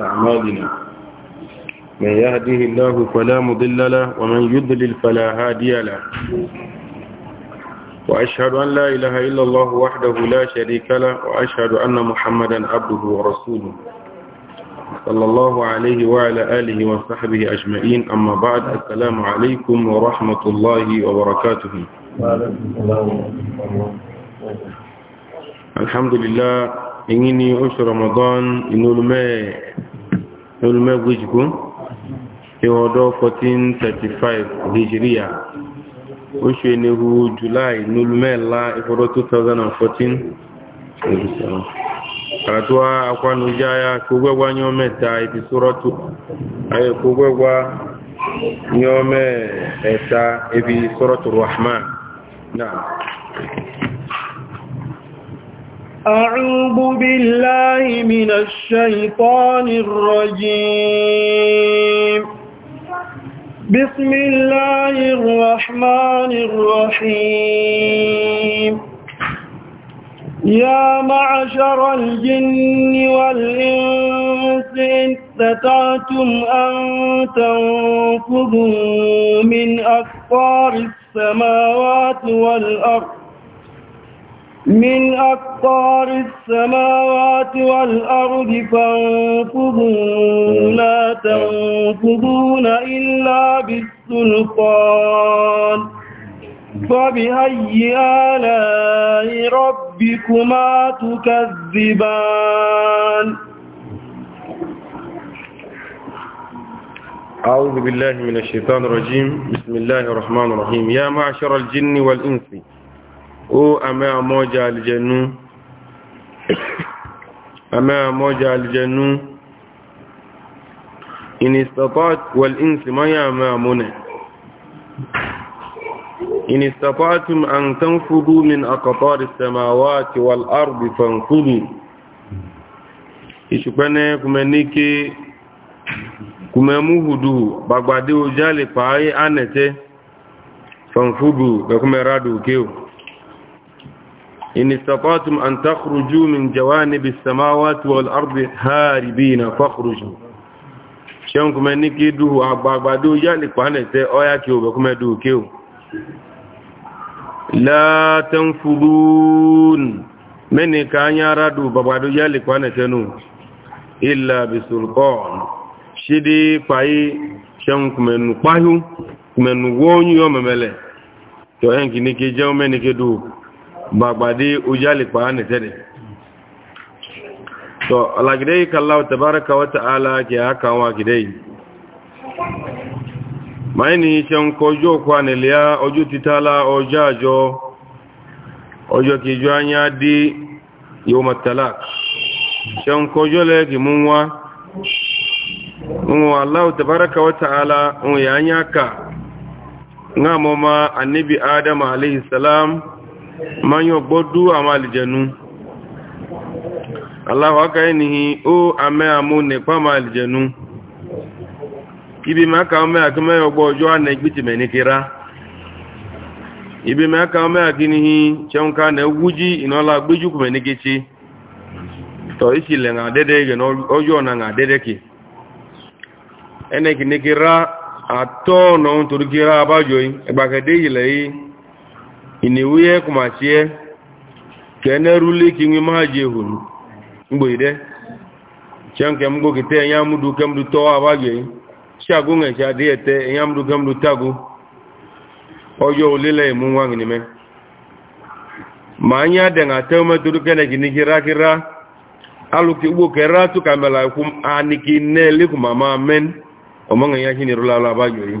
أعمالنا من يهده الله فلا مضل له ومن يضلل فلا هادي له وأشهد أن لا إله إلا الله وحده لا شريك له وأشهد أن محمدا عبده ورسوله صلى الله عليه وعلى آله وصحبه أجمعين أما بعد السلام عليكم ورحمة الله وبركاته الحمد لله èyí ni oṣù ramadan inúlùmẹ́gbẹ́jìkú ìwọ̀dọ́ 1435 nigeria oṣù enihu july inúlùmẹ́lá ìfọ́dọ́ 2014 karatuwa akwanujá ya kogwegwa ní ọmọ ẹ̀ta ibi sọ́rọ̀tù ayẹ kogwegwa ní ọmọ ẹ̀ta ibi sọ́rọ̀tù rahman náà أعوذ بالله من الشيطان الرجيم بسم الله الرحمن الرحيم يا معشر الجن والإنس إن استطعتم أن تنفذوا من أكبار السماوات والأرض من أقطار السماوات والأرض فانفضوا لا تنفضون إلا بالسلطان فبأي آلاء ربكما تكذبان أعوذ بالله من الشيطان الرجيم بسم الله الرحمن الرحيم يا معشر الجن والإنس ó àmẹ́ àmọ́jà alìjẹnú àmẹ́ àmọ́jà alìjẹnú inistapat wal insi maya àmẹ́ àmúnẹ̀ inistapatum an tanfudu min akọtọ́rì samawati wal arbi fanfudu ìṣùpẹ́nẹ́ kùmẹ́ ní kí kùmẹ́ múhùdù gbàgbàdé ojáàlè pàáyé ánẹ̀tẹ́ fanfudu gẹ̀kùmẹ́ rádù kéò إن استطعتم أن تخرجوا من جوانب السماوات والأرض هاربين فاخرجوا ṣeun kuma ní kí dúhù àgbàgbàdó yà lè pàánẹ̀ tẹ́ ọya kí o bẹ̀kúnmẹ́ dúhù kí o látẹ́n fúrún mẹ́ni ká ń yára dúhù bàgbàdó yà lè pàánẹ̀ tẹ́nu ilà bisulkọ́n ṣe dé pàáyé ṣeun kùmẹ̀nù páyú kùmẹ̀nù wọ́n yọ mẹ́mẹ́lẹ̀ tọ́ bagbade ujali kpaani tene to alagidai kallahu tabaraka wa ta'ala ke haka wa gidai mai ni shan kojo kwani liya ojo titala ojajo ojo ki jo anya di yawm at-talaq shan kojo le ki munwa munwa allah tabaraka wa ta'ala un ya anya ka ngamo ma annabi adam alayhi salam manyo gbọ́dú àwọn alìjẹnu aláwọ̀ aka ẹnihi ó amẹ́ amú nípa àwọn alìjẹnu ibi mẹ́ka ọmọ akẹ́mẹ́ ọgbọ́ ọjọ́ anẹ́gbìtìmẹ̀ ní kíra ibi mẹ́ka ọmọ na egwújí ìnọ́lá gbéjúkùmẹ̀ ní kíchi tọ́ ìṣìlẹ̀ nà na ní kíra àtọ́ ọ̀nà torí kíra abájọ́ ẹgbàkẹ́dẹ́ ìlẹ̀ yìí inewuye kumachie kene rule ki nwe maji ehuru mgbeide chenke mgogite enya mdu kemdu to abage shagu nge shadi ete enya mdu kemdu tagu ojo olile mu nime Ma de nga tewme turu kene ka kira kira alu ki kera kamela ya hini rula la abage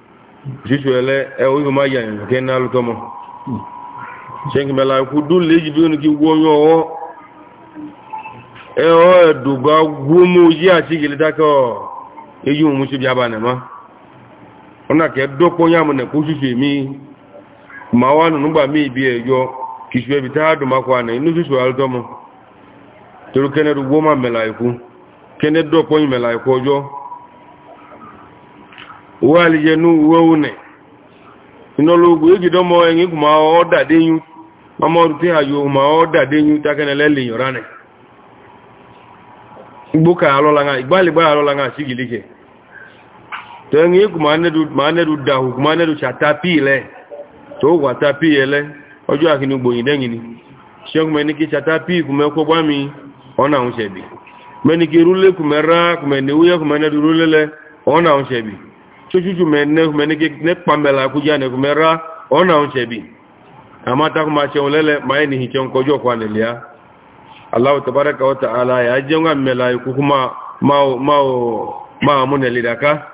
jisu ele e o yo maya ni ke na lu tomo shenki mela ku du le ji bi oni ki wo yo o e o edu ba gwo mu ji ati gele ta ko eyi mu ti bi abana ma ona ke do po nya mu ne ku jisu mi ma wa nu ngba mi bi ejo kisu e bi ta du ma kwa na inu jisu al tomo toru kene du wo ma la iku kene do po yin mela iku ojo uwe alijenu uwe une inologu egidomo enyi kuma oda denyu mama ruti hayo kuma oda denyu takenele liyorane igbo ka alola nga igbali gba alola nga sigilike to enyi kuma anedu ma anedu dahu kuma anedu chatapi ile to wa tapi ile ojo akini gboyin deyin ni segun me ni ki chatapi kuma ko gba mi ona un sebi rule kuma ra kuma ni uye kuma anedu rule le ona un chuchuchu mene mene ke ne pamela kuja ne kumera ona unchebi amata kuma cheulele maini hiche onkojo kwa nelia Allah tabaraka wa taala ya jenga mela kuma mao mao ma mune lidaka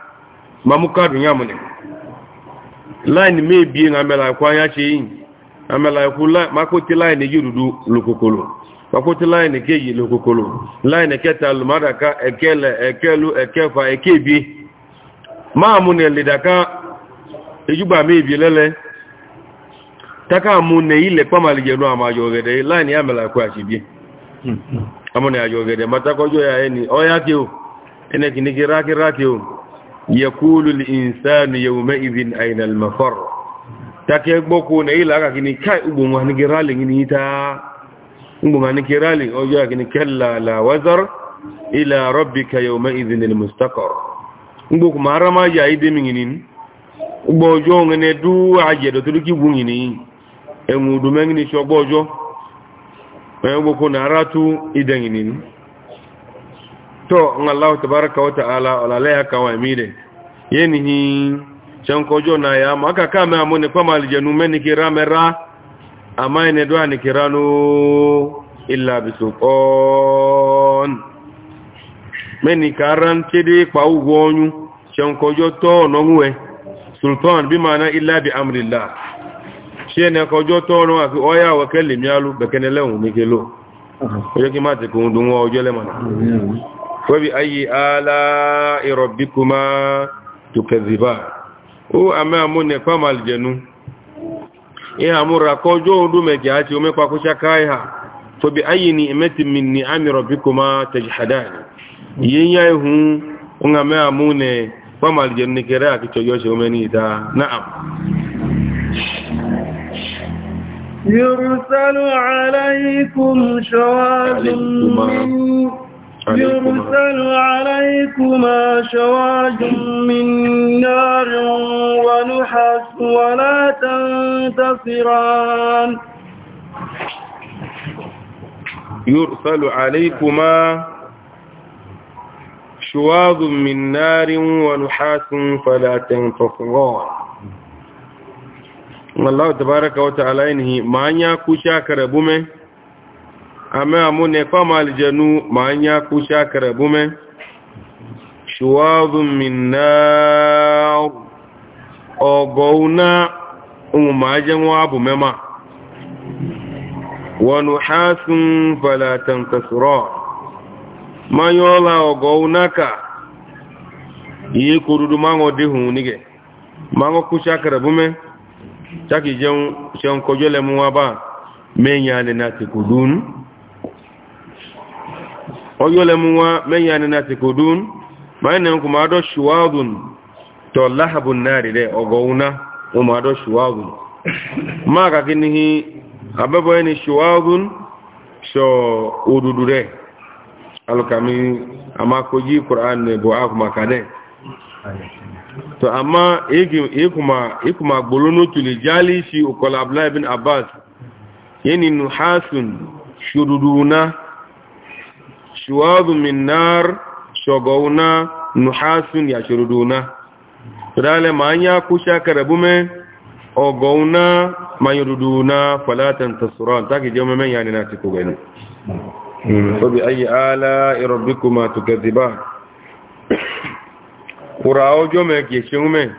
mamuka dunya mune line me bi nga mela kwa ya chi amela ku la makoti line yududu makoti line keji line ekele e ekelu ekefa ekebi máa mú ní ẹ̀lẹ́dàká ejúgbà méèbì lẹ́lẹ́ taká mú ní ilẹ̀ pàmàlì jẹ̀nu àmà àjọ ọ̀gẹ̀dẹ̀ láì ní àmàlàkọ́ àṣìbí amúnẹ̀ àjọ ọ̀gẹ̀dẹ̀ matakọjọ́ ya ẹni ọyáké o ẹnẹ́kìníkì rákírákí o yẹkúlù ìsánu yẹwùmẹ́ ìbìn àìnàlmọ̀fọ́r takẹ́ gbọ́kú ní ilẹ̀ akàkíní káì ugbùnwà ní ngboku mara ma ya ide mi ngini gbo ojo ngene du aje do tuki ki bu ngini enwu du me ngini so gbo ojo e gboku na ratu ide ngini to ngallahu tabaraka wa taala ala la yakawa mide yeni hi chan kojo na ya maka kama amone kwa malijanu meni kiramera amaine do anikirano illa bisuqon mẹ́ni kàárán tẹ́dé pàú wọ́nyú ṣẹ̀nkọjọ́ tọ́ ọ̀nàwúwẹ́ sultan bí ma na ilábi amrìlá ṣe ẹni ẹkọjọ́ tọ́ ọ̀nà àfi ọya wẹ́kẹ́ lè miálú bẹ̀kẹ́nẹlẹ́hùn ní kélò ọjọ́ kí má ti kò ń dùn wọ́n ọjọ́ lẹ́mọ̀nà wẹ́bí ayé alá ìrọ̀bíkúmá tukẹ̀zìbá ó àmẹ́ àmúnẹ̀ pàmàlìjẹnu ìhà múra kọjọ́ ọdún mẹ́kẹ́ àti ni ẹmẹ́tìmì ni àmì rọ̀bíkúmá yenya ihu nga me amune kwa maljem nikere akichoyoshe umenita naam يرسل عليكم شواذ من يرسل عليكما شواج من نار ونحس ولا تنتصران يرسل عليكما شواظ من نار ونحاس فلا تنتصران Allah tabaraka wa ta'ala inhi manya ku shakara bume amma amune kama aljanu manya ku shakara bume shuwadhun min nar ogona umajen wa bume ma wa nuhasun fala tankasura manyola ogo unaka yi kurudu mango hụ nige mango kusha me chaki jeun shen kojole muwa ba menyane na tikudun oyole muwa menyane na tikudun mayne ku mado shuwadun to lahabun nari de ogo una o mado shuwadun maga kinihi abebo ni shuwadun so ududure alkami amma ko qur'an ne bo akuma kane to amma e kuma e kuma gbolono tuli jali shi ukola abdullah ibn abbas yani nuhasun shududuna shuwadu min nar shogawna nuhasun ya shududuna dale ma anya ku shakara bume ogawna mayududuna falatan tasran taki jama'a yani na tiku فبأي آلاء ربكما تكذبان قراءة جمعك يشيومي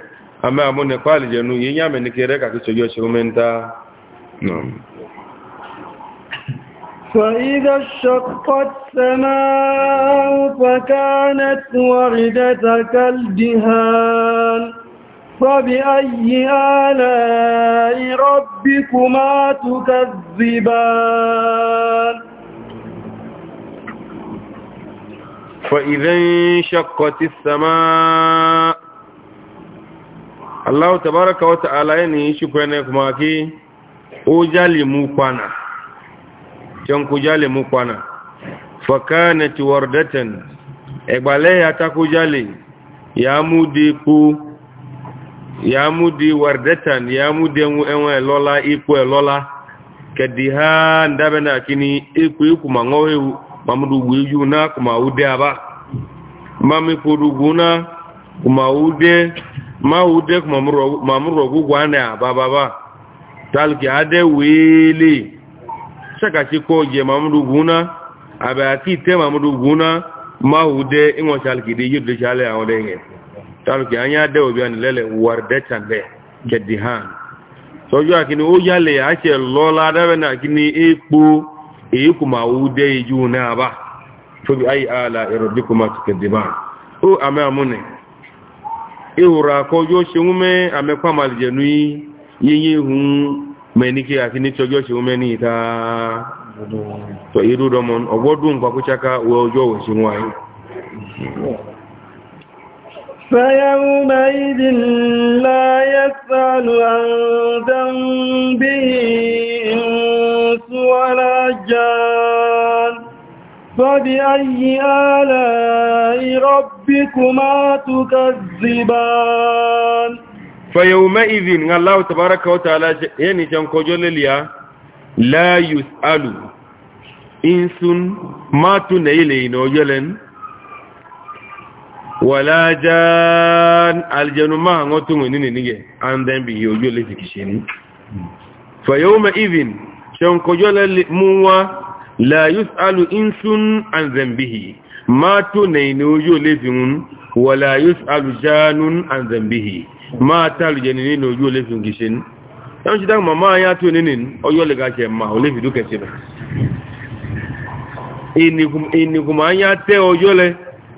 أما أمون قال جنو ينعمل نكيرك أكسو يشيومي انت نعم فإذا اشقت سماء فكانت وردة كالدهان فبأي آلاء ربكما تكذبان فإذا انشقت السماء الله تبارك وتعالى ني شكرا كما كي وجالي مقانا جنكو جالي مقانا فكانت وردة اغبالي اتاكو جالي يا موديكو يا مودي وردة يا مودي ان لولا ايكو لولا كديها ندبنا كني ايكو ايكو مانغو mamudu weju na kuma ude aba mami podugu na kuma ude ma ude kuma mamuro gugwa na aba baba talki ade wele saka ci ko je mamudu guna abe ati te mamudu guna ma ude ingo talki de yudu chale awon de nge talki anya de obi an lele warde chande jedihan sojo akini o yale a se lola dabe na akini epo iyi kuma wude juna aba to bi ay ala irbi kuma tuke diba o ame amune ihura ko yo se ume ame kwa mal yi yi hu meni ki ati ni tojo se ume ni ta to iru domon ogodun kwa kuchaka wo jo wo se ngwa فيومئذ لا يسأل عن ذنبه إنس ولا جان فبأي آلاء ربكما تكذبان فيومئذ الله تبارك وتعالى يعني جنكو جلليا لا يسأل إنس ما تنيلين وجلن wala jan aljanuma ngo tungu nini nige and then bi yojo le fikishini fa yawma idhin muwa la yusalu insun an dhanbihi ma to ne ni ojo wala yusalu janun an ma talu janini ni ojo le shi ya n'inin, ga ma o fi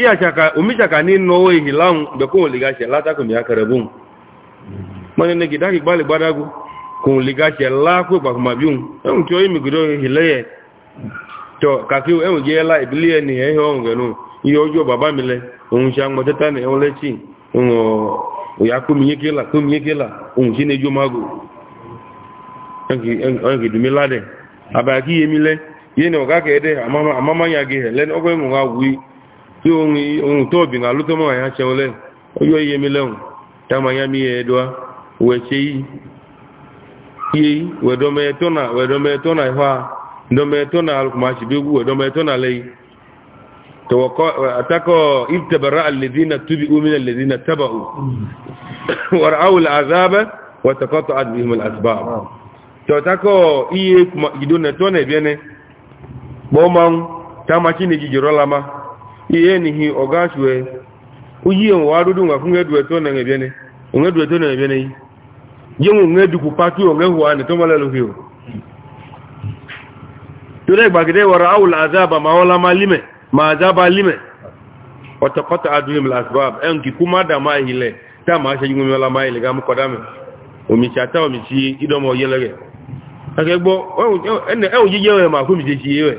iyachaka omichaka n'ịnụ ọwụ ihila mgbe oligachi lata kun ya karebun mana ne gidagi gbali gbadagu kun oligachi la kwe gbakumabiun enwe ki oyi megido ihile ya to kaki enwe gi ela ibili ya ni ihe ọhụrụ genu ihe ọjọọ baba mile ohun ṣe na ẹwọn lẹchi ya kúmiyé kéla kúmiyé kéla ohun ṣe nejú mago ẹnkì dùmí ládẹ ihe yémi lẹ yé ni ọ̀gá kẹ́ẹ̀dẹ́ àmámáyàgé ẹ̀ lẹ́nu ọgbẹ́ ìwọ̀n wá wí tí ohun tó ọ̀bìn alótọ́mọ̀ àyà ṣẹun lẹ́nu ọjọ́ iye mi lẹ́hùn táwọn àyà mi yẹ ẹ̀dọ́ wẹ̀ṣẹ́ yìí iye yìí wẹ̀dọ́mẹ̀ẹ́tọ́nà wẹ̀dọ́mẹ̀ẹ́tọ́nà ìfà dọ́mẹ̀ẹ́tọ́nà alùpùpàṣìbíwú wẹ̀dọ́mẹ̀ẹ́tọ́nà lẹ́yìn atakọ̀ ìtẹ̀bẹ̀rẹ̀ alẹ́dínà túbí omínà alẹ́dínà tábàù wàrà áwùl àzábẹ́ wàtàkọ́tọ̀ adìmọ̀ àtìbáà iye nihi oga chue uyi en wa dudu nga kunge duwe to nenge bene unge duwe to nenge bene je mu nge du kupatu unge huwa ne to malalo hiyo tule bagide wara awul azaba ma wala malime ma azaba lime wataqata aduhim al-asbab en ki kuma da ma hile ta ma se yumi wala ma hile ga mu kodame omi chata omi chi idomo yelege akegbo e o jije o ma ko mi je yewe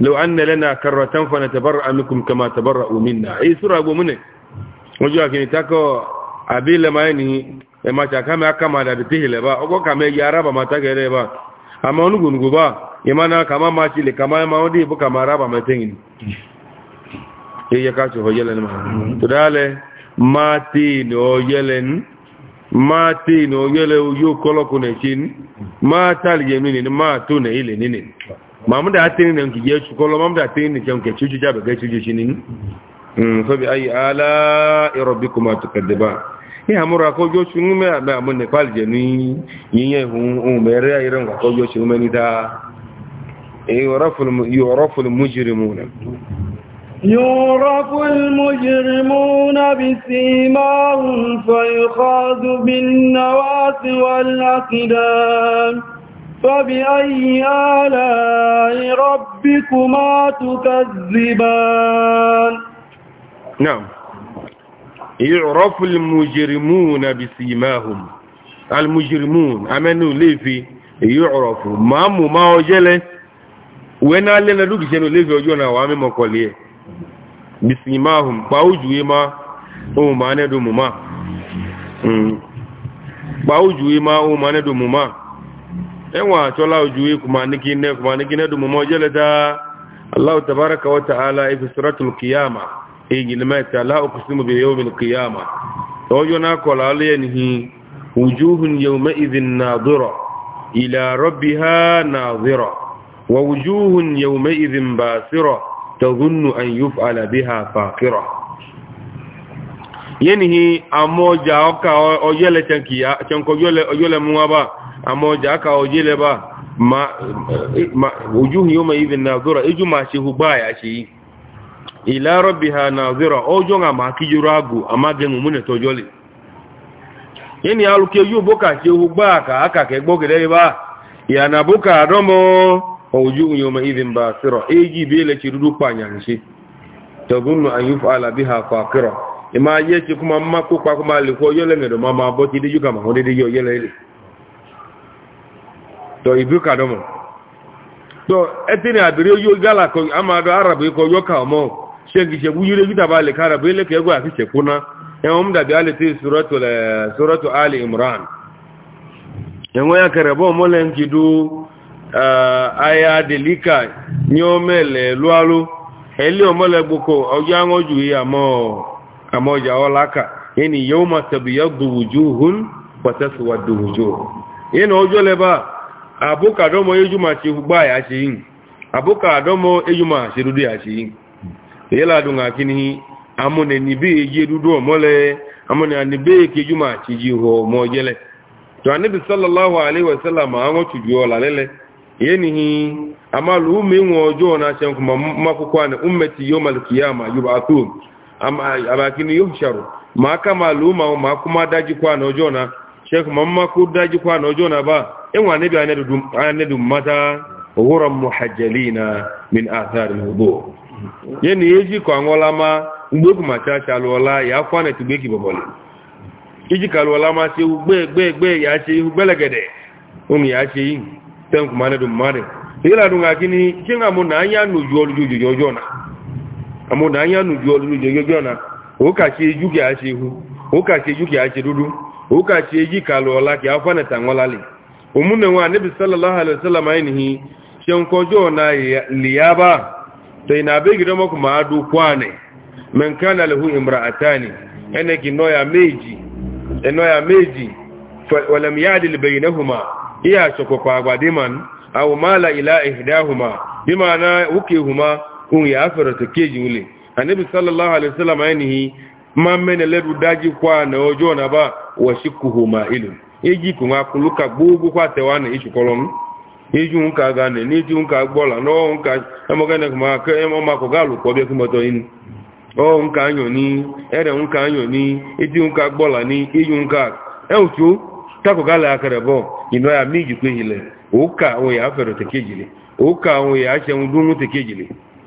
لو أن لنا كرة فنتبرأ منكم كما تبرأوا منا أي سورة أبو منك وجوا كني تاكو أبي لما يني ما تاكما كما دبته لبا أو كما يارا ما تاكي لبا أما نقول نقول imana kama maci le kama ya maudi bu kama raba mai tengin ye ya kacho ho yelen ma to dale mati no yelen mati no yele yo kolo kune chin ma tal yemini ma tune ile nini mamuda atini na nki yesu kolo mamuda atini ke nke chuchu jabe ga chuchu chini mm so bi ayi ala rabbikuma tukadiba ni amura ko jo chunu me ba mun ne pal je ni yinye hun un mere ayi ran ko jo chunu me ni da e yurafu yurafu almujrimuna يعرف المجرمون بسيماهم فيخاذ بالنواس والأقدام فبأي آلاء ربكما تكذبان نعم يعرف المجرمون بسيماهم المجرمون أمنوا لي في يعرف مامو ما وجله وين قال لنا دوك شنو لي في وجونا وامي مقوليه بسيماهم باوجوي ما او ما ندوم ما باوجوي ما او ما ندوم ما enwa chola ujui kumanikine kumanikine du mmoja leta Allah tabaraka wa taala ifsiratul qiyama ingilimeta la uqsimu bi yawmil qiyama ojo na kola aliyenhi wujuhun yawma idhin nadira ila rabbiha nadira wa wujuhun yawma amoja aka ojile ba ma ma wujuhu yawma idhin ma ijuma shehu baya shi ila rabbiha nadhira ojo nga makijuragu amage mumune tojoli yeni aluke yuboka shehu ka aka kegbogere ba yanabuka adomo ojuhu yawma idhin basira eji bele chirudu panyanshi tadhunnu an yuf'ala biha faqira ima yechi kuma makukwa kuma liko yole ngedo ma, boti diju kama hodede yo yele ile to ibuka uh, domo to etini abiri yo gala ko amado arabu ko yo ka mo shegi she buyure gita bale kara bele ke gwa fiche kuna e o mda bi alati suratu la suratu ali imran yango ya kare bo mo len kidu aya delika nyomele lualu ele o mo le gboko oja ngo ju ya mo amoja olaka yani yawma tabyadu wujuhun wa taswadu wujuh yani ojo le a. abụka adọmọ ejuma chegba ya chei abụka adọmọ ejuma cherudu ya chei yeladụ nga kinihi amụna nibe eji rudu omole amụna nibe ke ejuma chiji ho mo yele to anabi sallallahu alaihi wasallam anwo chuju ola lele yenihi ama ma ma sheikh mamma daji kwa na ojo na ba in n'ebe a na dudum ana dudum mata ghura na min athar alwudu yeni ma ngbe mata chalu ya kwa na ki bobole iji kalu ola ma se ugbe gbe gbe ya se gbelegede un ya se yin mare ila dunga kini na anya nu ju olu ju jojo na na anya nu ju na o ka se ju ki a se hu o ka se ju ki a se uka ce yi kalu wala ki afana tangola li umune wa nabi sallallahu alaihi wasallam ainihi shan kojo na liyaba to ina be gido mako ma du kwane man kana lahu imra'atani ene ki noya meji enoya meji wa lam sallallahu alaihi ma mene ledu daji kwa na ojo na ba wa shikuhu ma ilu eji ku ma kuluka gugu kwa tewa na ichu kolom eju nka ga ne ni ju nka gbola no nka emo ga ne ma ka emo ma ko galu ko be ku in o nka anyo ni ere nka anyo ni eju nka gbola ni eju nka e uchu ta gale gala akare bo ino ya miji ku hile o ka o ya fero te kejile o ka ya se un dunu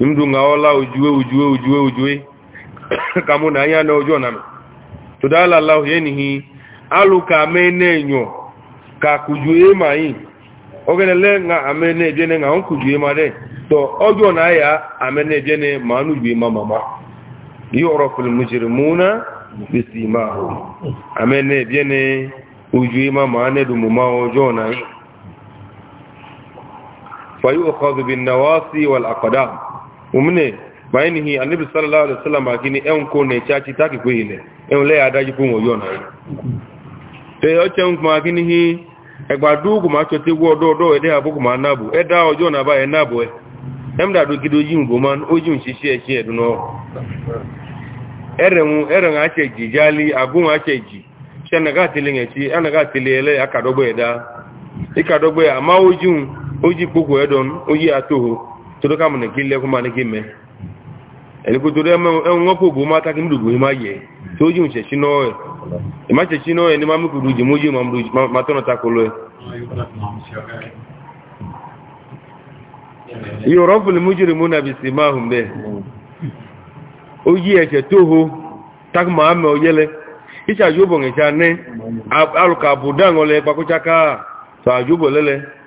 mdu nga ola ujue ujue ujue ujue kamu na ya na ojo na me to dala allah yeni hi alu ka mene nyo ka kujue mai ogene le nga amene jene nga on kujue ma de to ojo na ya amene jene manu jue ma mama yu'raful mujrimuna bisimahum amene jene ujue ma mane du mama ojo na yi fayu'khadhu bin nawasi wal aqdam umune bayani hi annabi sallallahu alaihi wasallam akini en ko ne chachi taki ko ile en le adaji ko won yona te o chen ko akini hi egbadu ko ma chote wo do do ede abuku ma nabu eda ojo na ba e nabu e em da do gido yin bo man ojun sisi e se edu no erenu eren a che jijali agun a che ji senaga tilinge ti anaga tilele akadogbo eda ikadogbo ama ojun oji poku edon oyi atoho todo ka mun ki le ko mani ki me ele ko todo me en wo ko bo ma ta ki mudugo ma ye to ju nche chino e e ma che chino e ni ma mu ku ju mu ju e yurafu almujrimuna bisimahum be o yi e che toho tak ma me o yele icha yobo nge ne aluka budango le pa ko sa yobo lele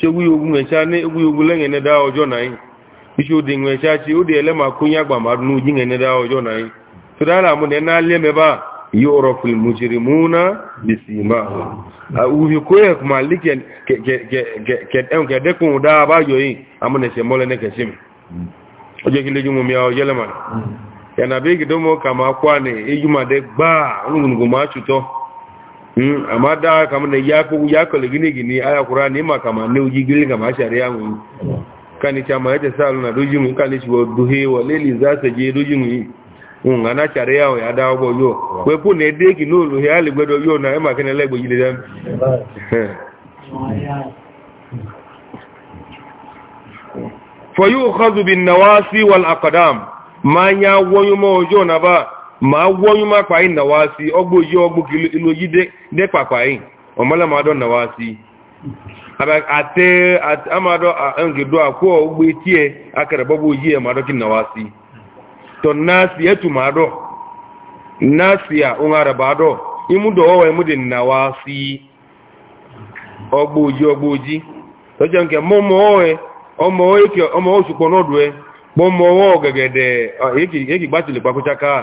se wu yogu nwecha ne wu yogu le ngene da ojo nai ishi odi nwecha chi odi ele ma kunya gba ma nu ji ngene da ojo nai to da na le me ba yuraful mujrimuna bisimahum u hi ko ba yo yi amune se mole ne ma ya na be gidomo kama kwa ne ejuma de gba unu Hmm, amma da kamar da ya kalli gine-gine aya kura ne kama ne uji gili kama shari'a mu kan ni chama ya sa luna doji mu kan ni duhe wa leli za sa je doji mu yi un hmm, ana shari'a wa ya dawo bo yo we ku ne de ki no ya le gbedo yo na e ma kan le gbo yile dan bin nawasi wal aqdam ma ya woyumo jo na ba ma gwọ onye makpa anyị nawasị ọgbụ ọgbọ ọgbụ ka ilu oyi dekpakpa anyị ọmala madọ nawasị ate amadọ ngedo akwọ ụgbọ etie akara gbọgbọ oyi ya e, madọ ki nawasị tọ nasi etu madọ nasi a ụnara badọ imudo ọwa imude nawasị ọgbọ ji ọgbọ oji tọjọ nke mọmọ ọwa ọmọ oṣù pọ nọdụ ẹ mọmọ ọwa ọgẹgẹdẹ eke gbatịlị kpakwụcha kaa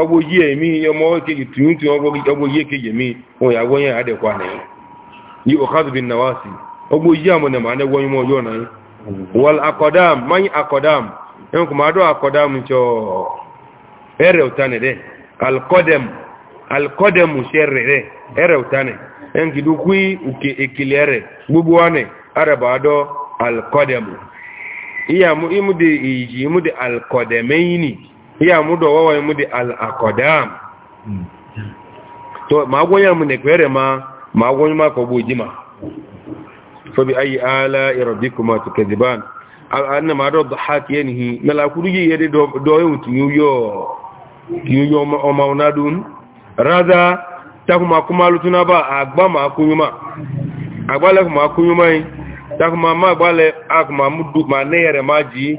ọgbò yí mi ọmọ kejì tí ń tí ọgbò kejì mi wọn yà wọ́nyẹ́ àdẹ̀kọ́ ànẹ́yìn yí ọ̀kádùbí náwà sí ọgbò yí àmọ̀nà mà ní wọ́nyẹ́ ọjọ́ náà wọ́n akọ̀dám mayin akọ̀dám ẹn kò máa dọ́ akọ̀dám tsọ ẹrẹ̀ òtánẹ̀ dẹ́ alkọ́dẹ̀m alkọ́dẹ̀m sẹ́rẹ̀ dẹ́ ẹrẹ̀ òtánẹ̀ ẹn kì dúkúi òkè èkìlẹ̀ rẹ̀ gbogbo wánẹ̀ àrẹ̀bà dọ́ alkọ́dẹ̀m ìyàmú ìmúde ìyì ìmúde alkọ̀dẹ̀mẹ́yìn nìyí iya mudo wawa mudi al aqdam to mago ya mu ne kwere ma mago ma ko bujima fa bi ayi ala rabbikuma tukadiban anna ma yi do dhahak yanhi malakuji yede do do yutu yo yo ma o maunadun radha takuma kuma lutuna ba agba ma kunyuma agbale kuma kunyuma takuma ma agbale akuma mudu ma neyere ma ji.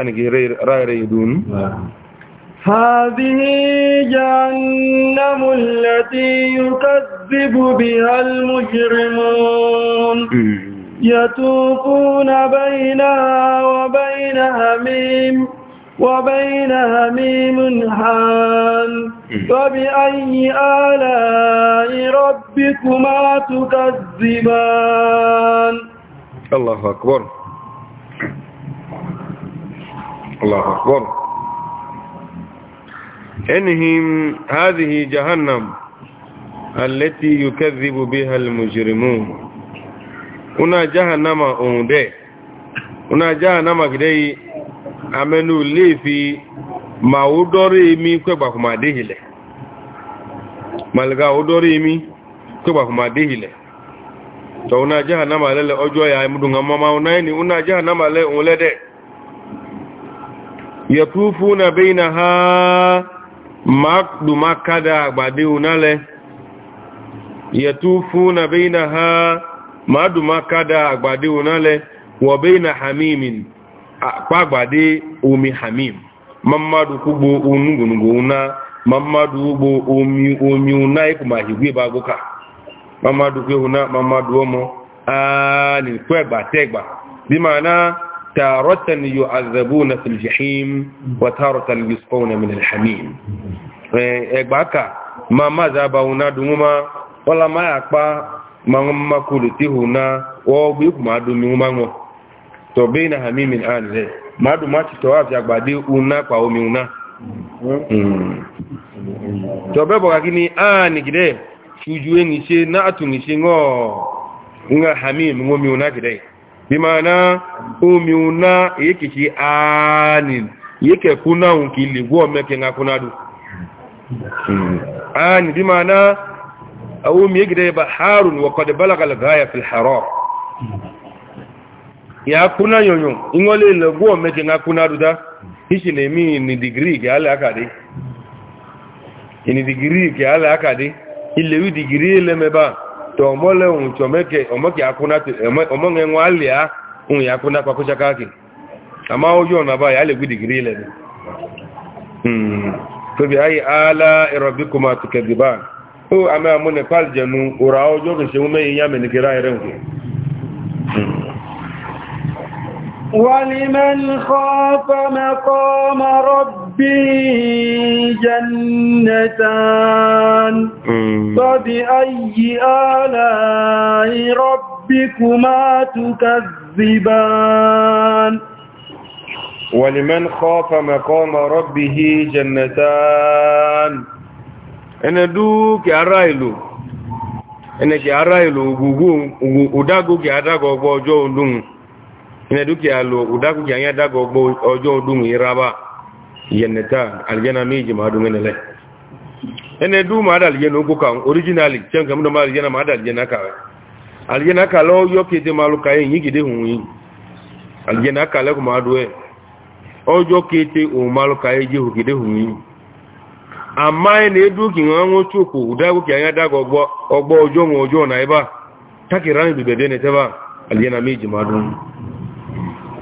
أنك راي ريدون هذه جهنم التي يكذب بها المجرمون يتوفون بينها وبين هميم وبين هميم حان فبأي آلاء ربكما تكذبان الله أكبر الله أكبر إنهم هذه جهنم التي يكذب بها المجرمون هنا جهنم أمده هنا جهنم كده أمنوا لي في ما ودوري مي كبك ما دهله ملغا ودوري مي كبك ما دهله تو هنا جهنم لله أجوا يا مدن أمام هنا هنا جهنم لله أولده na yatufuna bainaha makduma kada agbade unale yatufuna bainaha maduma kada agbade unale wa baina hamimin agbade omi hamim mamadu kugbo onugunugo una mamadu ugbo omi omi una ikuma higwe bagoka mamadu kwe una mamadu omo a ni kwe gba tegba bi mana تارة يعذبون في الجحيم وتارة يسقون من الحميم اغباكا ما ما زابونا دوما ولا ما يقبا ما ما كلتهنا وبيك ما دوما ما تو بين حميم ان ما دوما تتوا في اغبادي ونا قا اومي ونا تو بيبو كاكيني اني كده شوجو ني شي ناتو ني شي ngo nga hamim ngomi una kidai bimana omi una yake ki anin yake kuna unki ligwo meke nga kuna du hmm. anin bimana omi yake da baharun wa qad balagha al-ghaya fi al-harar ya kuna yonyo ingole ligwo meke nga kuna du da hishi to mole un chomeke omoki akuna omonge ngwalia un yakuna kwa kucha kake ama ojo na ba yale gudi grile ne hmm to bi ai ala rabbikuma tukadiban o ama amune paljanu ura ojo ke se ume yame nikira ere nko hmm ولمن خاف مقام ربي جنتان فبأي آلاء ربكما تكذبان ولمن خاف مقام ربه جنتان انا دوك ارايلو انا كي ارايلو غوغو وداغو كي اداغو غوجو ندوم ina dukiya lo udaku ki anya dago ọgbọ ojo ọdụm iraba yenneta aljana mi ji madu ngene le ene du ma dal yeno ko kan originally chen kam do ma ma dal yena ka aljana ka lo yo de malu ka gide hun yin aljana ka ma e ojo o malu gide hun yin amma ene du ki chuku anya dago gbo ogbo ojo mo ojo na iba bebe ne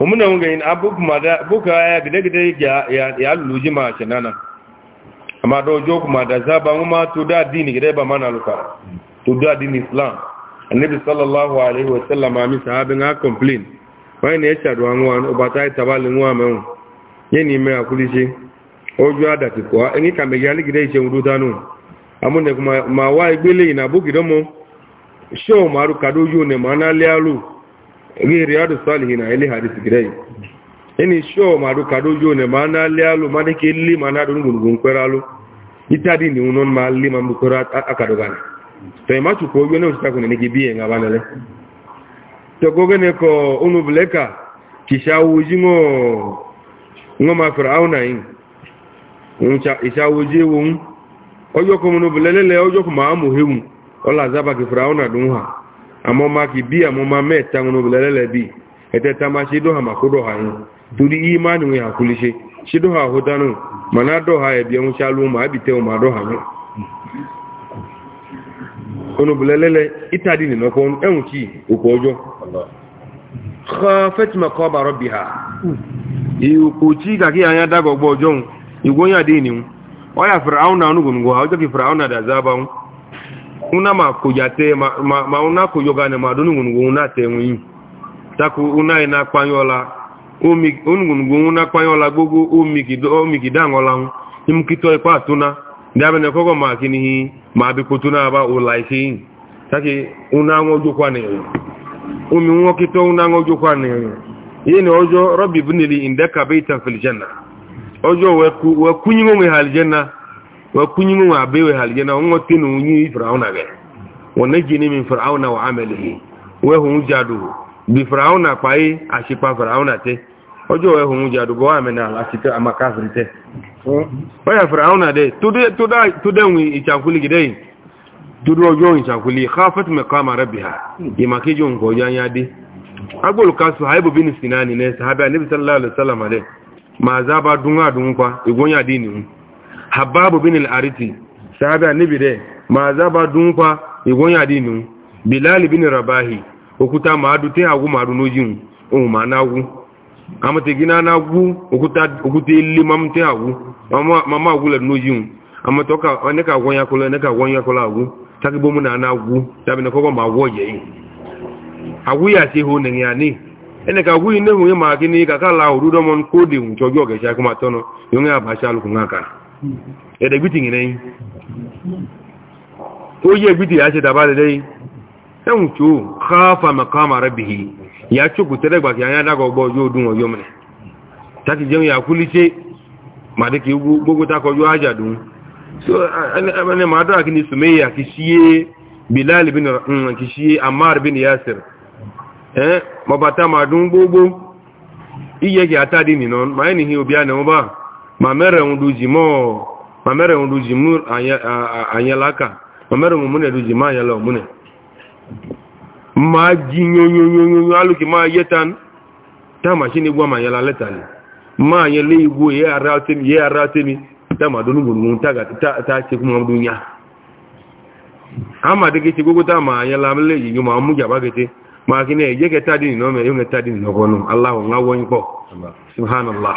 omuna nwunye na buka ya gida ya lulu ji ma ce nana amma da ojo kuma da zaba ma to da dini gida ba mana luka to da dini islam annabi sallallahu alaihi wasallam mi sahabin ha complain wani ne ya chadu an wa ba ta yi tabalin wa mai yin ni mai akuli shi ojo ada ti ko eni ka me ya gida wudu kuma ma wa igbele ri riyadu salihin a ile hadisi gidai ini sho ma du kadu jo ne mana le alu mana ke li mana du ngun gun kweralu itadi ni unon ma li ma bu kora akadu gan to ma tu ko yone usta kun ne gibi en abana le to go gene ko unu bleka kisha uji ngo ngo ma fir'auna in uncha isha uji wun ojo ko munu blelele ojo ko ma mu hewu ola zaba ki fir'auna dun ha amọ́má kì bí àmọ́má mẹ́ta wọn bi bí ẹ̀tẹ́ta máa ṣe dọ́ha máa kó dọ́ha yìí torí ìmá ni wọ́n àkúlé ṣe ṣe dọ́ha àhótánù ma náà dọ́ha ẹ̀bí ẹ̀hún ṣálú ma ábì tẹ́ ọmọ dọ́ha yìí onobìnrin ìtàdí nìnàkọ́ ẹ̀hùn kí òkú ọjọ́ fẹ́tìmọ̀ kọ́ bàrọ̀ bì ha ìkò tí kàkí àyà una ma kujate ma, ma, ma una kujogane madunungungu una temwi taku una ina kwanyola umi ungungu una kwanyola gugu umi kido umi kidango lang imkito ipa tuna ndabe ne koko makini hi ma bi kutuna ba ulaihi taki una ngoju kwane umi ngo kito una ngoju kwane yini ojo rabbi ibn li indaka fil janna ojo hal janna وكني ما بيوي هالجنة ومتين وني فرعون به ونجني من فرعون وعمله وهم جادوه بفرعون قاي أشيبا فرعون تي ojo we hun jadu bo amena asite amakafiri te o ya firauna de tude tuda tude wi ichakuli gidei tudu ojo ichakuli khafat maqama rabbiha imake jo ngo janya de agbolu kasu haibu bin sinani ne sahaba nabi sallallahu alaihi wasallam de ma zaba dunga dungwa igonya dini hababu bin al-ariti sahabi annabi de ma zaba dunfa igon ya dinu bilal bin rabahi okuta ma adu te agu ma adu nojin o ma na agu amate gina na agu okuta okuta ile mam te agu mama mama agu le nojin ka ne ka ya kola ne ka gon ya agu takibo mu na na agu na koko ma wo ye agu ya se ho ne ya ni ene ka ne hu ma gini ka kala mon kodi un ge sha kuma tono yonga ba sha lu kunga ẹ̀dẹ̀gbìtì yìí lẹ́yìn ó yí ẹgbìtì yà ṣe dàbá lẹ́yìn ẹ̀hùn tó káfà mẹ́kàmà rẹ̀ bìí yà ṣòkù tẹ́lẹ̀gbà kí ayádágọ́ yóò dún ọjọ́ mẹ́rẹ̀ tàkì jẹun yà kú líṣẹ́ màdíkì gbogbo takọ yóò ájà dùn so ẹni màá dọ́ra kí sùmẹ́yà kì í ṣiyé bilal bin mm, kì í amar bin yasir mọ̀bàtà màdún gbogbo iyẹ̀kì mamere ndu jimo mamere ndu jimu anyalaka mamere mumune du jima anyala mumune ma jinyo nyo nyo nyo nyo aluki ma yetan ta machine gwa manyala letan ma anyele igwo ye arate mi ye arate mi ta madunu gunu ta ga ta ta ce kuma dunya ama de ke gogo ta ma anyala mle yi ma mu jaba gete ma kine je ke tadi no me yo ne tadi no kono allah ngawo nko subhanallah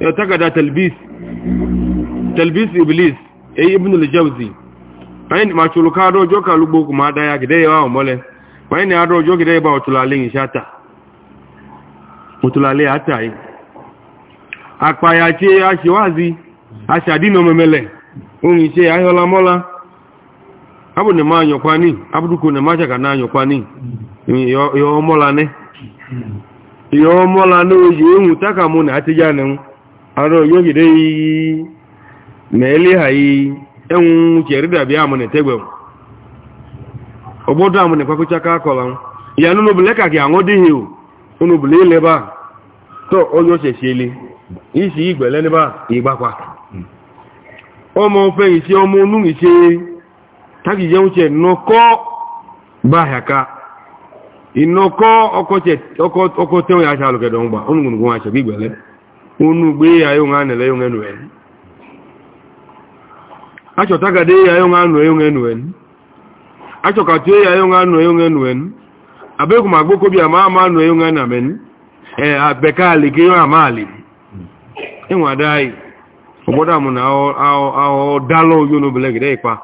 ya takada talbis talbis iblis eh ibn al-jawzi bayin ma chulu ka do joka lugbo kuma da ya gide ya wa mole bayin ya do joka gide ba otulale shata otulale ata yi apaya che ya shiwazi ashadino memele un che hola mola abu ne ma nyo kwani abu ko ne ma chaka na nyo kwani yo yo mola ne yo mola no yi un taka mo na atija aro yogi dai na ele hayi en jeri da biya mun tegbe obodo amun kwa kucha ka kola ya na ka ki anwo di hiu unu bule le ba to oyo se sele isi igbele ni ba igbapa omo fe isi omo nu ise taki je unche noko ba haka inoko ya sha lo ke don unu ya yo ngane le yo ngenu acho taga de ya yo nganu yo ngenu en acho ka ya e yo nganu yo ngenu en abe ku magboko bi ama ama no eh, yo ngana men eh abeka ali ke yo amali enwa dai oboda mu na o o dalo yo no bele gide pa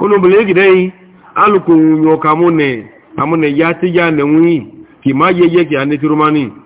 unu bele gide aluko yo amune yati ya ne wi ki ma yeye ki anitirumani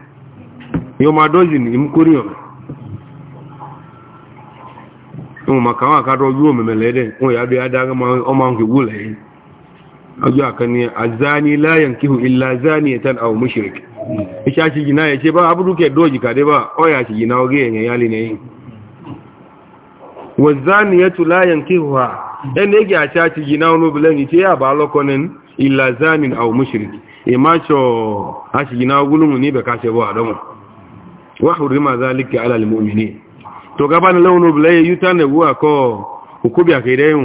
yóò máa dọ́jì ní ìmúkórí ọ̀mẹ́ wọn ma kàwọn àkádọ́ ojú òmìnir lẹ́dẹ̀ wọn yà bí adága ọmọ òkè wú lẹ́yìn ọjọ́ àkànní àzáni láyàn kíhù ilá záni ẹ̀tàn àwọn mùsùlùk iṣẹ́ àṣìjì náà ẹ̀ṣẹ́ bá abúrúkẹ́ dọ́jì kàdé bá ọyà àṣìjì náà ọgẹ́ ẹ̀yẹn yálé nẹ́yìn wọ́n záni ẹ̀tù láyàn kíhù ha ẹni ẹgẹ́ àṣẹ́ àṣìjì náà àwọn mùsùlùk ìmáṣọ́ àṣìjì náà ní ìbẹ̀káṣẹ́ bọ́ àdọ́mọ̀ وحرم ذلك على المؤمنين to gaba na launo blaye yuta ne wuwa ko kubya kede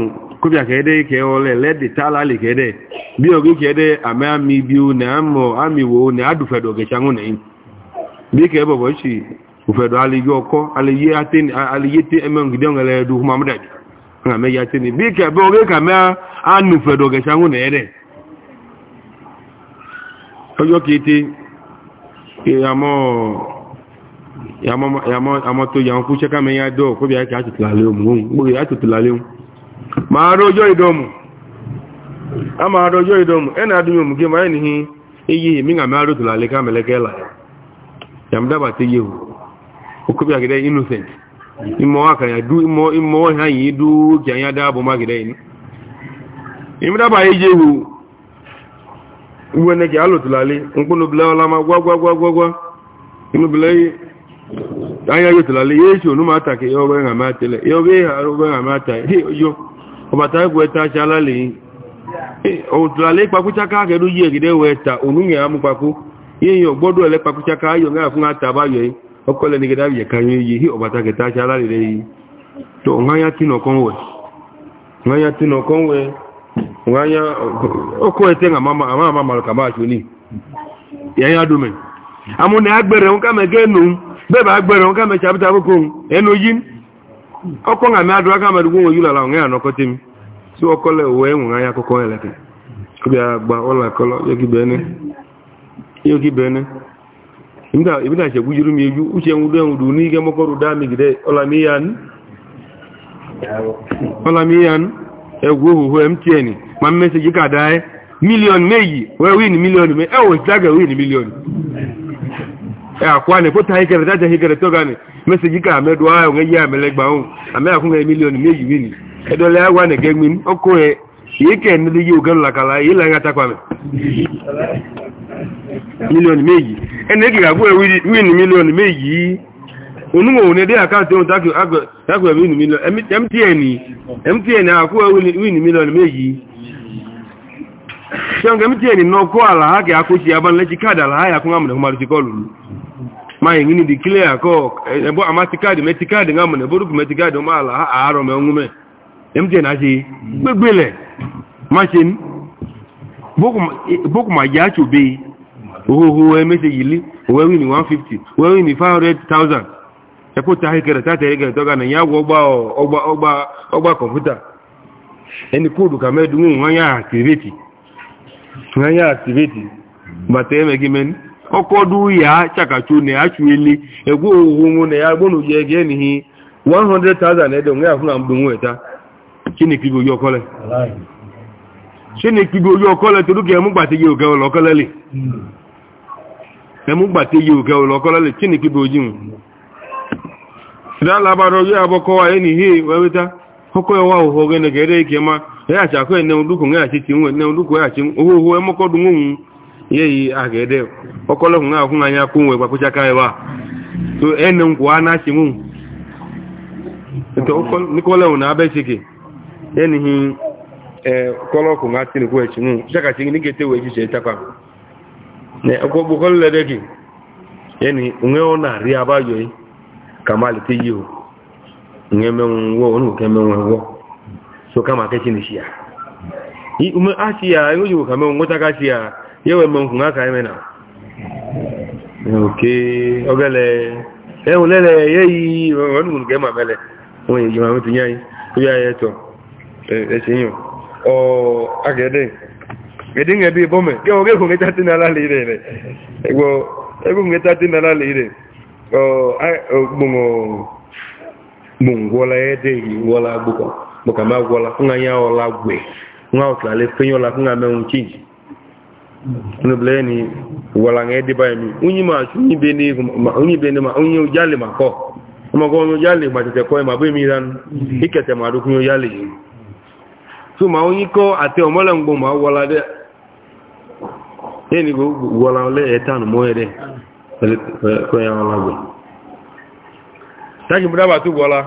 kubya kede ke ole tala ali kede bi ogi ame ami ne amo ami wo ne adu fedo ke ne bi ke bobo chi u fedo ali yo ko ali ye atin ali yete eme me yate bi ke bo ogi anu fedo ke ne ede ojo kiti yàmọ́ tó yàn kú ṣẹ́ká mẹ́yà dọ́ kó bí i àtìtìlàlẹ́ ohun gbogbo àtìtìlàlẹ́ ohun ma rọjọ́ ìdọ́mù a ma rọjọ́ ìdọ́mù ẹna e adúmí ohun iye mi mẹ́ e e i innocent ìmọ̀ anya yóò tẹ̀lá lé yéṣù ní máa tàkì yọ ọgbẹ́ àmà tẹ̀lẹ̀ yọ bí ọgbẹ́ àmà tàkì yọ ọba tàíkù ẹta ṣe alálẹ̀ yìí ohun tẹ̀lá lé pakúcháká kẹ́dú yí ẹ̀gẹ́dẹ́ wọ ẹta onúyẹ̀ amúpakú yíyàn gbọ́dọ̀ ẹlẹ́ pakúcháká yọ ńgá fún àtàbáyọ̀ yìí ọkọ̀lẹ̀ ní gẹ́dá yẹ̀ka yìí ọba tàkì ẹta ṣe alálẹ̀ rẹ̀ yìí tó ọ̀hányá tìnà kan wẹ̀ ọ̀hányá tìnà kan wẹ̀ ọ̀hányá ọkọ̀ ẹ̀tẹ́ àmà àmà màlùkà máa ṣ bẹ́ẹ̀ bá gbẹ̀rẹ̀ wọn ká mẹ́ta bí tabókò ẹnu yí ọkọ̀ àmì àdúrà ká mẹ́ta gbóhùn yìí lọ́la ọ̀hún ẹ̀yàn ọkọ̀ tẹ́mi tí ọkọ̀ lẹ̀ wọ ẹ̀wọ̀n ayá kọ́kọ́ ẹlẹ́kẹ̀ kóbi àgbà ọ̀là kọ́lọ́ yókì bẹ́ẹ̀ni ibi náà ṣẹ̀kú yìí Eh, akwane po tai kere daja higere to gani message ka me do ayo ngi ya mele gba un ame akun ngi million meji wini edo le agwa ne gegmin oko e yike ne di yoga la kala yila nga takwa me million meji ene ki agwa win million meji onungo ne de account on takwa agwa wini win million mtn mtn akwa win million meji Ṣé ọ̀gẹ́ mítí ẹni náà kó àlàá kẹ́ àkóṣe abánilẹ́jì ha àlàá yà kún àmìnà fún àrùsíkọ́ lùlù. ma yi ngini dikile ya ko eh, ebo amatikadi metikadi nga mune boruku metikadi ma ala aro me ngume emje na ji gbegbele machine boku boku ma ya chu be oho e mese yili owe wi ni 150 owe wi ni 500000 epo ta he ya wo gba eni ọkọdụ ya chakachu na ya chueli egwu owuwu na ya gbonu ya ege nihi 100,000 ede ahụ na mgbe nweta chineke oyi ọkọle chineke oyi ọkọle toro ka emugbate ya oge ụlọ ọkọlele emugbate ya oge ụlọ ọkọlele chineke bụ oji sira labara oyi na ihe wee weta ọkọ ga-ere ike ma ya ya ya yeyi a ga-ede ọkọlọgwụ na akwụ anya akwụ nwe gbakwụchaka ebe a to ene nkwa a na-achị mụ nikọlọgwụ na abịa chiki enihi e, kọlọkụ na atị nkwu echi mụ gị tewe echiche echakwa ọkọgbukọlede eni nwe ọ na-arị abayọ ka yi o so kama ya ume a ka yewe mgbe nkwụ aka eme na oke ogele ewulele yeyi nke ma mele ji ma metinye anyị ọ e, e ga ede ede nga ebe ibome ke oge egwu ngeta n'ala lire ire egwu egwu n'ala lire ọ ede ma gwọla ọla gwe nwa ọtụla nubile ni walanga ediba mi unyi ma unyi bene ma unyi bene ma unyi jali ma ko ma ko unyi jali ma tete ko ma mi ikete ma du kunyo so ma unyi ko ate omola ngbo ma wala de eni go wala le ko ya wala go mudaba tu wala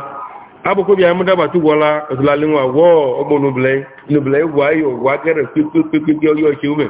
abu ko bi otula wo nubile nubile wa yo wa yo yo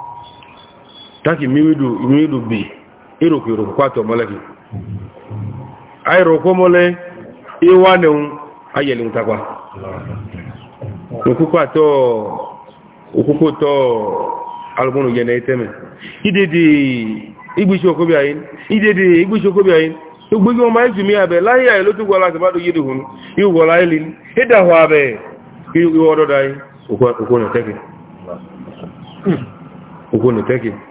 taki miwidu bi iruku iruku kwato moleki airuku mole iwanin ayelin takwa ukuku to algunu gene iteme ididi igbisi okobi ayin ididi igbisi okobi ayin igbigi ọmọ ìjùmí abẹ láyé àyè ló tún gbọ́ láti bá tó yídi hùn ìwọ̀lá ilin abe abẹ ìwọ̀ ọdọ́dá yìí òkú teki hmm.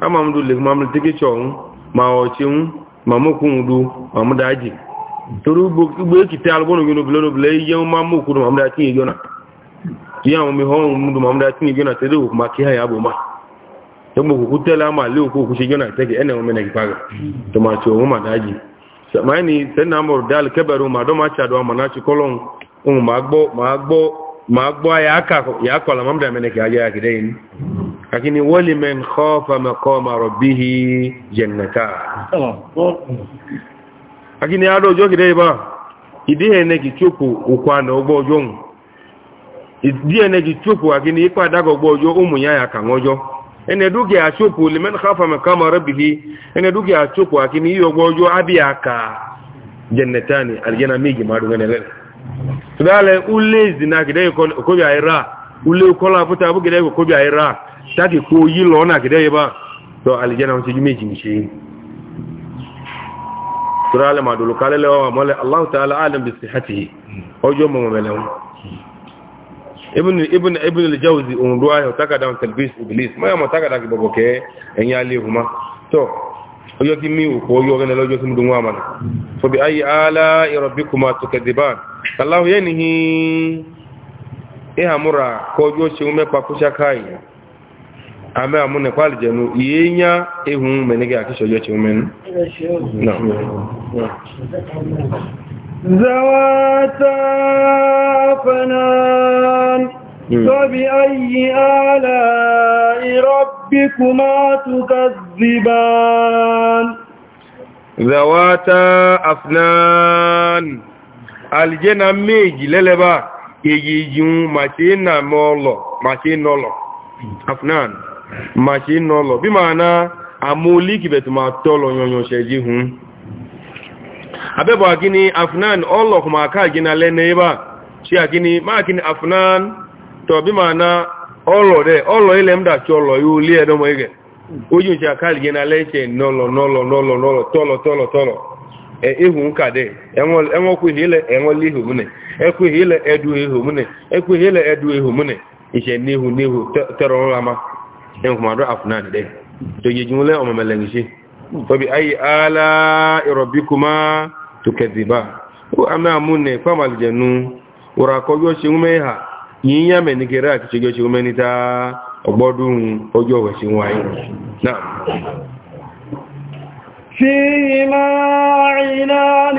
amamdu le mamle tiki chong ma ma mokundu mamdaji ble ma mokundu mamda ti yona ti awon mi hon mundu mamda ti yona te ma ki ha ya bo ma to mo ku tela ma le ku ku yona te ke ene o mena ki to ma cho ma daji ma ni tena mo dal kebaru ma do ma cha do ma na chi kolon un um, ma gbo ma gbo ma gbo ya ka ya kola mamda mena ki aja ya lakini waliman khafa maqama rabbih jannata lakini ado jo kide ba idihe ne ki chupu ukwana ogbo ojo un idihe ne ki chupu lakini ipada go ogbo ojo umu ya ya kan ojo ene duke a chupu liman khafa maqama rabbih ene duke a chupu lakini iyo ogbo ojo abi aka jannatani aljana migi madu ngene le tudale ulezi na kide ko ko ya ira ule ko la futa bu kide ko ko ya ira taki ko yi lona gida ba to aljanna wuce jume jinshi turale ma dulu kale lewa mole allah ta'ala alam bi sihhatihi ojo mo melew ibn ibn ibn al-jawzi on duwa ya taka da talbis iblis ma ma taka da boboke en ya le to ọjọọ mi ame amune kwa aljanu yenya ehun menege akisho yoche umen no zawata fanan فبأي آلاء ربكما تكذبان ذواتا أفنان الجنة ميجي للبا يجي جون ماشينا مولو ماشينا لو أفنان machi nọ lọ bí máa ná amúlíkì bẹ̀tù máa tọ́lọ yọnyọ ṣẹ̀jí hun abẹ́bọ̀ akíní afnan ọlọ́kù máa káàkiri alẹ́ nẹ́ẹ̀bà ṣe akíní máa kíní afnan tọ̀ bí máa ná ọlọ̀ rẹ̀ ọlọ̀ ilẹ̀ mdà tí ọlọ̀ yóò lé ẹ̀dọ́mọ̀ igẹ̀ ojú ṣe káàkiri nọlọ nọlọ ìṣẹ̀ ńlá máa yan kuma do afuna de to ye jumle o mamelengi shi to bi ay ala rabbikuma tukadiba o ama amune kwa maljanu ora ko yo shi ume ha yin ya me ni gere ati yo shi ume ni ta ogbodun ojo we shi wa yin na فيهما عينان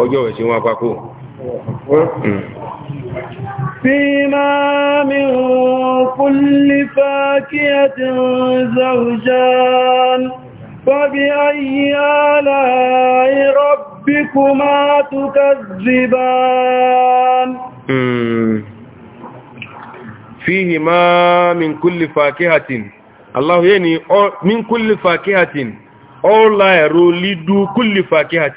ọjọ́ ẹ̀ṣẹ́ wọn àpapò فيما من كل فاكهة زوجان فبأي آلاء ربكما تكذبان فيهما من كل فاكهة الله يعني من كل فاكهة أولا يرولد كل فاكهة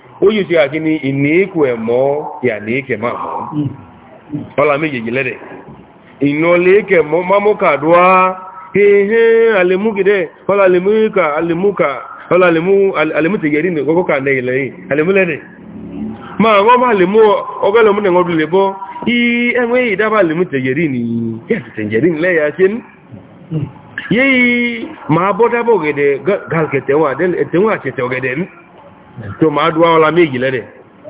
oyi ti àti ni ìníkù ẹ̀mọ́ ìyàníkẹ̀ máa mọ́ ọlá méjèèjì lẹ́dẹ̀ ìnọlékẹ̀ mọ́mọ́kàdúwá hehe alemúgidẹ́ ọlá alemúkà alemúkà ọlá alemútẹ̀gẹ̀rí kọ́kọ́kà lẹ́yìn alemúlẹ́dẹ̀ máa wọ́n máa lè mú ọgọ́lẹ̀múnẹ̀ ọdún lè bọ́ ẹmọ́ èyí dábà alemútẹ̀gẹ̀rí ni yẹ́tẹ̀gẹ̀rí lẹ́yà ṣe ń yẹ́yí máa bọ́ dábọ̀ gẹ̀dẹ̀ gálkẹ̀tẹ̀wọ̀n àṣẹ̀tẹ̀ ọgẹ̀dẹ̀ to ma duwa wala me gile de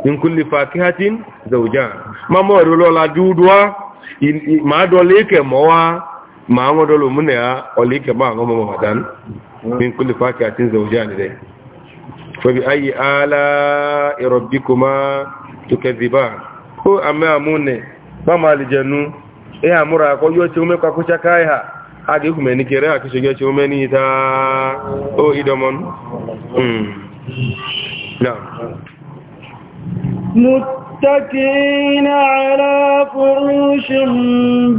min kulli fakihatin zawja ma mo do lo la duwa ma do le ke mo wa ma ngo do lo mune a o le ke ma ngo mo ma dan min kulli fakihatin zawja amune ba ma e amura ko yo ti o me ka ko chakai ha age kumeni kere نعم متكئين على فروش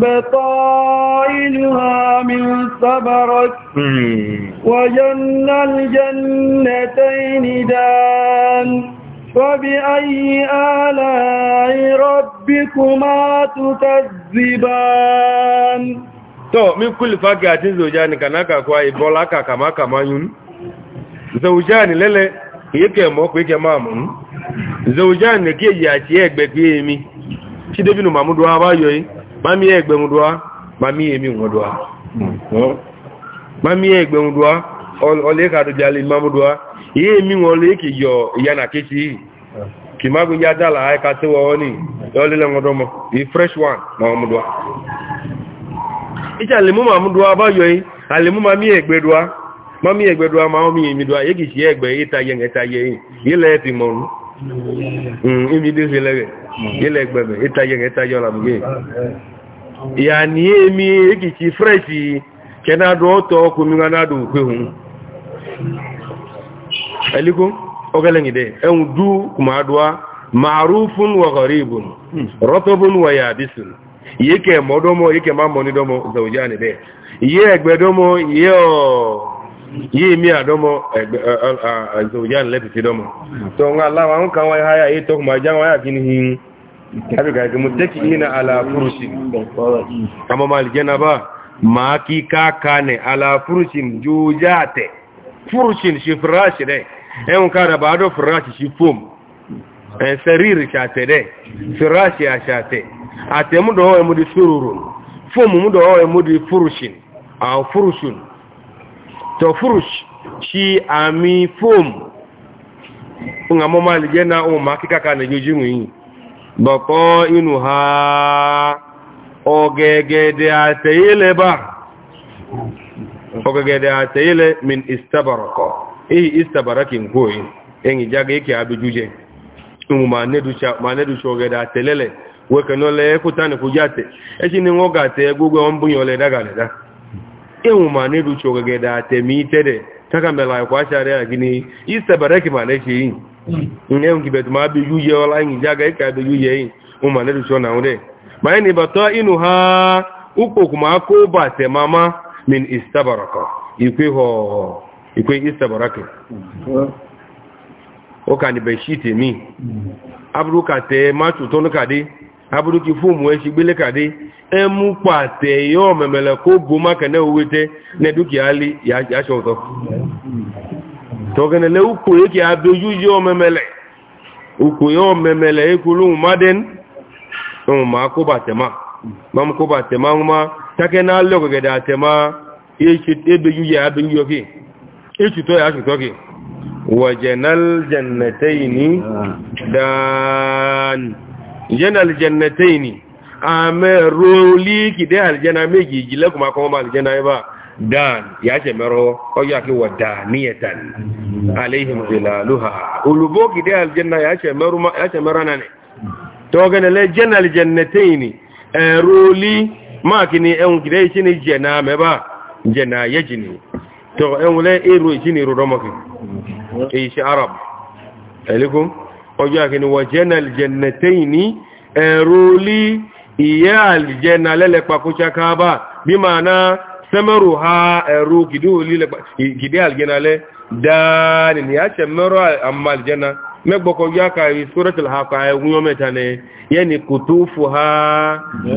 بطائلها من صبرك. وجن الجنتين دان فبأي آلاء ربكما تكذبان تو من كل فاكهة زوجان كناكا كواي بولاكا كما كما يون zawujani lele yake mo ko yake mamu zawujani ke ya ti egbe pe emi ti debinu mamudu aba yoyi mami egbe mudua mami emi mudua mami egbe mudua ole ka do jali mamudua ye emi ole ke yo ya na kechi ki magun ya dala ai ka ti fresh one mamudua ija le mu mamudua yoyi ale mu mami egbe dua mami egbe do ama omi mi do aye kisi egbe ita ye ngeta ye ile ti mo mm imi de se le ile egbe be ita ye ngeta yo la mi ya ni emi kisi fresh kena do to ku mi ngana do pe hun aliko ogale ngi de en du kuma doa ma'rufun wa gharibun ratbun wa yabisun yeke modomo yeke mamoni domo zawjani de ye egbe domo ye o yìí mi àdọ́mọ ẹgbẹ́ àzòyàn lẹ́pìtì dọ́mọ tó ń aláwọ̀ àwọn kan wáyé háyà ètò ọmọ ajá wáyà kí ní hin tàbíkà ìgbìmọ̀ tẹ́kì ìhìnà aláfúrúsì àmọ́ máa lìjẹ́ náà bá máa kí káàkà ní aláfúrúsì jójá àtẹ̀ fúrúsì ṣe fúráṣì rẹ̀ ẹ̀hùn kára bá dọ́ fúráṣì sí fóòm ẹ̀sẹ̀rírì ṣàtẹ̀ rẹ̀ fúráṣì àṣàtẹ̀ àtẹ̀múdọ̀ ẹ̀múdi fúrúrùn fóòmù múdọ̀ ẹ̀múdi fúrúṣì àwọn fúrúṣì to furush shi ami fom nga mo ma lije na o ma kika ka na joji nwi boko inu ha ogegede atele ba ogegede atele min istabarako eh istabarakin goyi en jaga yake abijuje mu ma ne ducha ma ne ducha ogegede atelele weke no le kutani kujate echi ni ngoga te gugu on bunyo le daga le daga ịnwụ ma na eruchi ogegede hmm. atemite taka mela kwachara ya gịnị isebere ka ma na-eche iyi nye m gibetu ma abịghị uye ọla anyị ji agaghị ka abịghị uye iyi ụmụ na eruchi na nwere ma anyị na-ebata ịnụ ha ụkpọkwu ma aka ụba temama min baraka ikwe họọ ikwe istabaraka ụka hmm. ni beshit mi hmm. abụrụ ka tee machu tonu ka dị aburuki fóòmù ẹ ṣe gbélé kàdé ẹ mú pàtẹ yọ mẹ̀mẹ̀lẹ̀ kó bó mákẹ̀ẹ́ owó tẹ́ ní dúkìá lé yàṣọ ọ̀tọ̀ tọ̀gẹ̀nẹ̀lẹ̀ ukò yẹ́ kí a dojú yọ mẹ̀mẹ̀lẹ̀ ukò yọ mẹ̀mẹ̀lẹ̀ ekú lóhun mádẹ́n ohun ma kó bà tẹ̀má ma mú kó bà tẹ̀má ń má ìjẹ́nà alìjẹ́nàtẹ́ ìní àmẹ́ rólí kìdẹ́ alìjẹ́nà méjì ìjìlẹ́kùnmá kọ́mọ́ alìjẹ́nà ẹbá dan yàjẹ́ mẹ́rọ ọjọ́ àkíwọ̀ dàníyẹ̀tàn aléhìm ìlàlúhà olùbó kìdẹ́ alìjẹ́nà yàjẹ́ mẹ́rọ nani tọ́gẹ́nẹ̀lẹ́ jẹ́nà alìjẹ́nàtẹ́ ìní ẹ̀rólí máàkìní ẹ̀hùn kìdẹ́ ìṣíní jẹ̀nà mẹ́bá jẹ̀nà yẹ́jìní tọ́ ẹ̀hùn lẹ́ èrò ìṣíní rọ̀rọ̀mọ́kì èyí ṣe arab ẹ̀lẹ́kùn ọjọ́ àkíní wọ jẹ́nà aljẹ́nẹ̀tẹ́yìn ní ẹ̀rọ lí ìyẹ́ aljẹ́nà lẹ́lẹ́pàkúchakába bí ma na sẹ́mẹ́rù ha ẹ̀rọ gìdí aljẹ́nà lẹ́ dáadì ni a ṣe mẹ́rọ àmà aljẹ́nà mẹ́gbọ́kọ̀ yá ka ìsúrẹ́tìl ha ka ẹ̀wùn mẹ́ta ni yẹ́ ni kò tó fò ha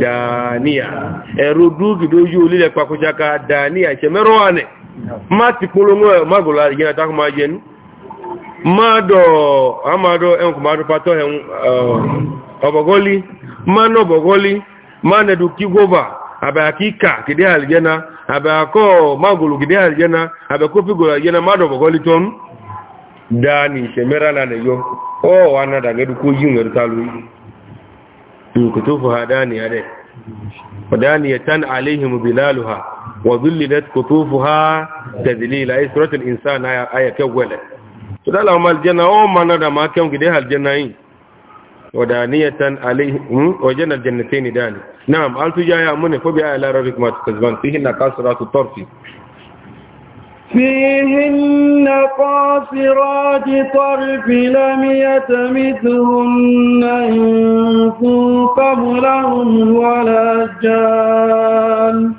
dáníà ẹ̀rọ mado amado enkumado pato hen uh, eh, obogoli mano obogoli manedu kigoba abakika kide aljana abako magulu kide aljana abako pigolo aljana mado obogoli ton dani shemera na neyo o wana da gedu ko yin gedu talu in kutufu hadani ade wadani yatan alaihim bilaluha wa dhillat kutufuha tadlila ay suratul insan tudala wa aljanna o oh, mana da ma kan gide aljanna yin wadaniyatan alaihim hmm? wa jannal jannatayn dani na'am altu ya ya mun fa bi ayati rabbik ma tukazban fihi nakasratu tarfi فيهن قاصرات طرف لم يتمثهن إنس قبلهم ولا جان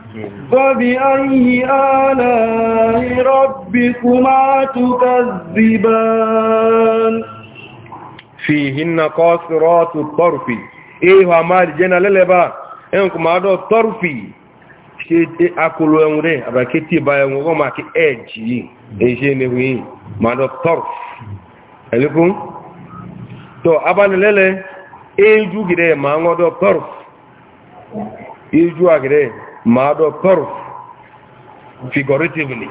فبأي آلاء ربكما تكذبان فيهن قاصرات الطرف إيه ما رجينا للبا إنكم هذا الطرف ṣe akolo ẹ̀wọ̀n rẹ̀ àbàkí tí ìbá ẹ̀wọ̀n wọ́n máa kí ẹ̀jì yìí ẹ̀ṣẹ́ mẹ́wọ̀n yìí ma lọ tọ́rọ̀ ẹ̀lẹ́kún tó abánilẹ́lẹ́ eéjú gìrẹ́ ma ń ọdọ̀ tọ́rọ̀ eéjú àgìrẹ́ ma ọdọ̀ tọ́rọ̀ figuratively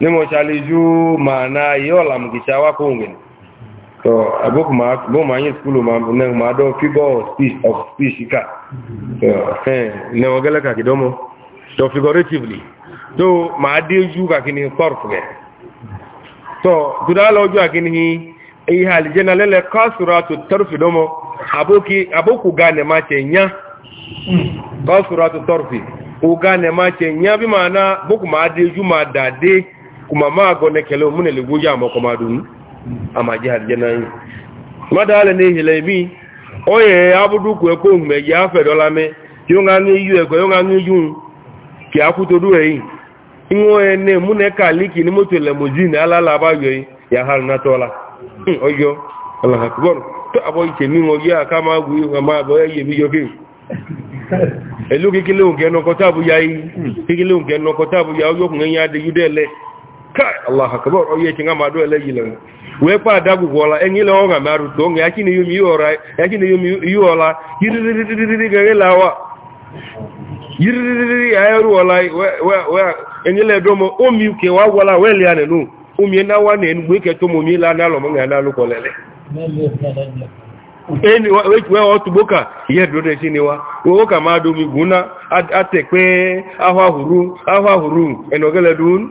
ní mo ṣàlẹ́jú ma náà yọ́ làmùkìṣà wákòóngẹ̀ni so abok ma bo ma yin school ma na ma do figure of speech of speech ka so eh ne o gele ka kidomo so figuratively so ma de ju ka kini corp ge so duda lo ju akini hi hal jena lele kasuratu tarfi domo aboki aboku gane ma che nya kasuratu tarfi o gane ma che nya bi na boku ma de ju ma da de kuma ma go ne kele o munele guja mo ko ma dunu ama ji aljanna yi mmadụ ala na-ehile mi onye abụdụ ya ekwe omume me yonga ṅụ iyu ekwe yonga ṅụ iyu ki akwụtodu eyi inwe onye ene mụ na ka liki ni moto lemozin alala abayọ ya ha natọla hmm, ọjọ alahakubọrọ tó abọ iche mi wọn yá ká máa gùn nọkọ táàbù ya yìí kékeré òǹkẹ́ nọkọ táàbù ya kai allah akbar oye oh, kinga madu eleyile we pa adagu gola enyile oga maru dong yaki ni yumi ora yaki yumi yola yiriririri gelawa yiriririri ayeru ola we we enyile domo omi ke wa gola we le anenu omi na wa ne ngbe ke to mo mi la na lo mo kolele eni we o ye do de sini wa wo ka madu mi guna ate ahwa huru ahwa huru enogele dun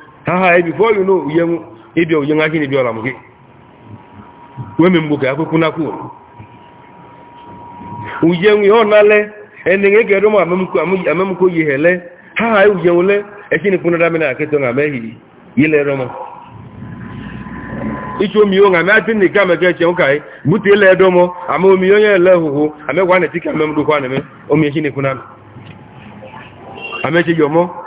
aha e before you know uye ịbịa uye nwa ọrụ bịara m wee wemi mgbe ka akwụkwụ nakwu uye nwa ihe ọ n'alẹ ene nge kedu m amemkwo yi hele ha ha na akịtọ na mehi yilere m ichi omi onwe ame adị na ike ameke eche ụka yi bute ile omi onye ele hụhụ amegwa na etika amemdokwa na eme omi ekini kwuna amechi yi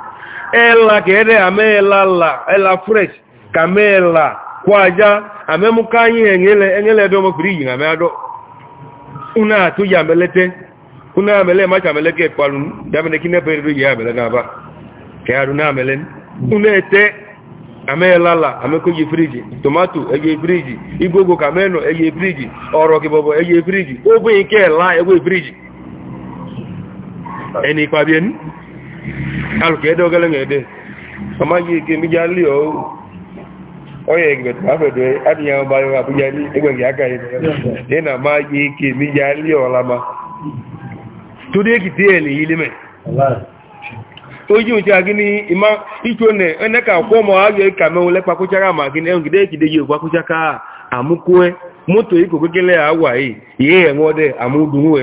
Ela kee de la, ela fresh ka kwaja la kwa enyele ame muka nyi eŋela, eŋela ebe ọ bụ friji ma ma ya dọ, unu atụ ya amele te, unu ya amele ma tụ ya amele ga ekpalu n'o, ndị amịlị na ebe dị friji ya ya na amele nụ, une te, amaela la, ama friji, tomato agba friji, igogo ka mee nọ agba friji, ọrọ gị bọọbọ agba friji, obi inwe ka ela friji. Enikpabianu. alùpùpù ẹ̀dẹ́ ọgẹ́lẹ́ ẹ̀dẹ́ ọmọ yìí kí mi jálì ọ́ ọyẹ ìgbẹ̀tọ̀ afẹ́dọ̀ adìyàn ọba yọ àbújá ní ẹgbẹ̀gì aka yìí nínú àmá yìí kí mi jálì ọ́ tó dé kìtì ẹ̀ nìyí límẹ̀ tó tí a gí ní ìmá ìtò nẹ̀ ẹnẹ́ka ọkọ́ ọmọ ayọ̀ ìkàmẹ́wọlẹ́ pakúchára màgínẹ́ òǹgídẹ́ ìkìdẹ́ yìí pakúchára àmúkú ẹ́ moto iko kekele awa yi iye ngode amudunwe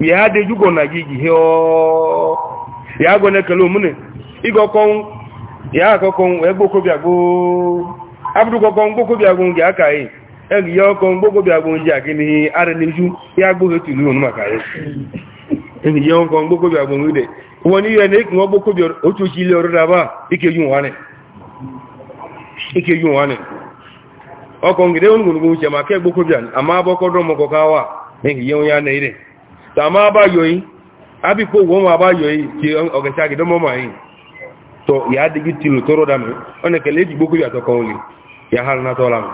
ya adịjugo na gị hịọ ya gwa na-ekele omune ịgọkọnwụ ya akọkọnwụ wee gbokobịa gboo abụrụkọkọnwụ gbokobịa gboo ga aka yị egiye ọkọnwụ gbokobịa gboo ji agị n'ihe arị n'iju ya agbụghị tulu onu maka ya egiye ọkọnwụ gbokobịa gboo ide ụgbọ n'ihe na ekenwe gbokobịa otu ochi ile ọrụ daba ikeju nwanị ikeju nwanị ọkọnwụ gide onugwu uche maka egbokobịa ama abụọ abọkọdọ mọkọ kawa na egiye onye a na ire ta abáyọ̀yí ábíkó wọ́n abáyọ̀yí kí ọ̀gẹ̀ṣẹ́ àgìdọ́mọ́mọ́ yìí tọ ìyá dìgí tìlù tó rọ́dà mi ọ̀nà kẹlẹ́ èjì gbókú yàtọ̀ kan olè yà hàn náà tọ́lá mi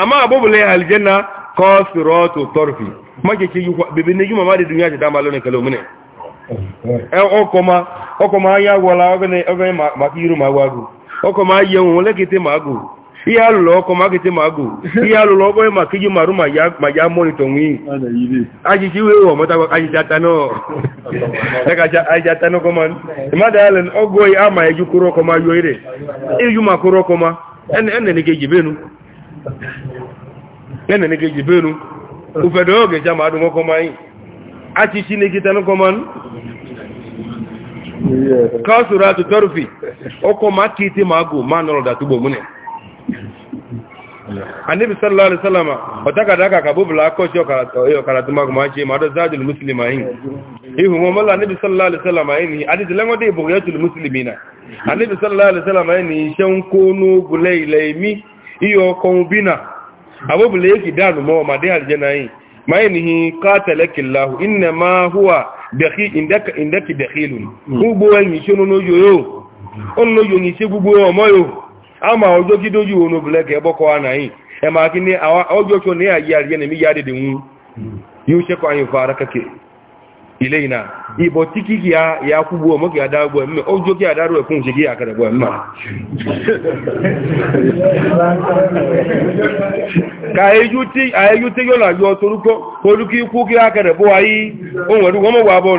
àmá àbóbùlẹ̀ àlìjẹ́nà na sírọ́ọ̀tù tọ́rfì má jẹ́ kí bèbè ní jùmọ̀ má dé dùnyà jẹ́dá máa lọ́nà kẹlẹ́ òmìnir ọkọ̀ ma yá wọlá ihe alụlụ ọkọ ma kịtị ma agụ ihe alụlụ ọkọ ma iji marụ ma ya monitọ nwe ajịcha iwe ewu ọmọtakwa ajịcha atanụ ọkọma mmadụ ya ọgụ oyi ama eju kụrụ ọkọma yuo ire iju ma kụrụ ọkọma enene benu ejibenu enene ga ejibenu ufedo oge ja ma adụ ọkọma yi achịchi na ekita n'ọkọma ka ọ sụrụ atụ tọrọfi ọkọ ma kịtị ma agụ ma nọrọ datugbo mune annabi sallallahu alaihi wasallama wataka daka kabubla akochi yo karatuma kumachi mado zadul muslima hin ihu momola annabi sallallahu alaihi wasallama ini adi dilango de bughyatul muslimina annabi sallallahu alaihi wasallama ini shan kono gulailaimi iyo konbina abubule yake danu mo made aljana yin maini hi qatalakillahu inna ma huwa dakhi indaka indaki dakhilun kubo yin shono no yoyo onno yo ni se gugu omo yo ama ojogide oyi wo n'obule ka egbọkọwa na anyị ẹ e ma a oge ocho na ya yi ariye na emi ya adịdị nwu yi anyị fara kake ile ina ibo tiki ki ya ya kwugbo mo ki ada gbo emme ojo akara e ka eju ti ti toruko toruki ku akara ayi o nwe ru wo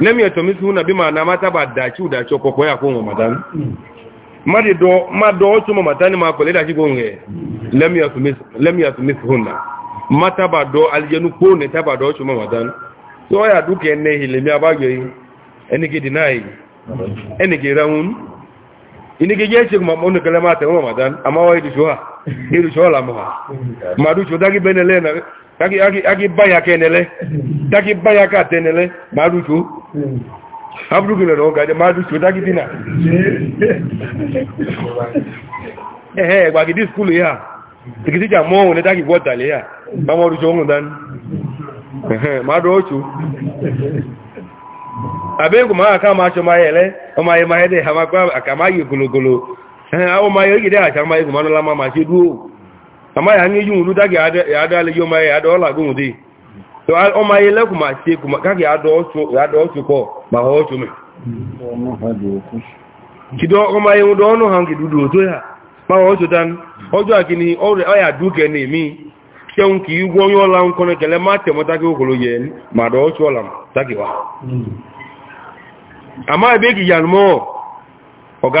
nem ya tomi suna bi ma na mata ba daci udaci ọkọkọ ya kó mamatan ma dọ ọtú mamatan ma kọlẹ̀ daci kó ngẹ lem ya tomi suna mata ba dọ alijanu kó ne ta ba dọ ọtú mamatan tí ó yà dúkẹ́ ẹnẹ ilẹ̀mí abájọ yìí ẹnìkè dìná yìí ẹnìkè rẹun ìníkè jẹ́ ṣe ọmọkẹlẹ́ máa tẹ̀wọ́n mamatan àmáwá ìdùṣọ́ agi baya ka enele dagi baya ka atenele ma ruto abụrụghị lere ọga dị ma ruto dagidi na ehe gidi skulu ya tikiti ja mọ òun dagi gwọtali ya ma mọ ruto ọhụrụ dan ma dọ otu abegwu ma aka ma achọ ma ya ele ọma ya ma ya dị ha makwa aka ma yi gologolo ehe awụ ma ya ogide acha ma egwu manụla ma ma chi duo ama ya nye yi nwuru da ga adala ya ọma ya ada ọla gị nwụdị ọma ya ma kuma ọchụ kọ ma ha ọchụ ọma ya nwụdị ọnụ ha nke dudu ya ma ha ọchụ ka onye ọla nkọ na ma temụta gị okolo ye ma ebe ya nụ mọ ọga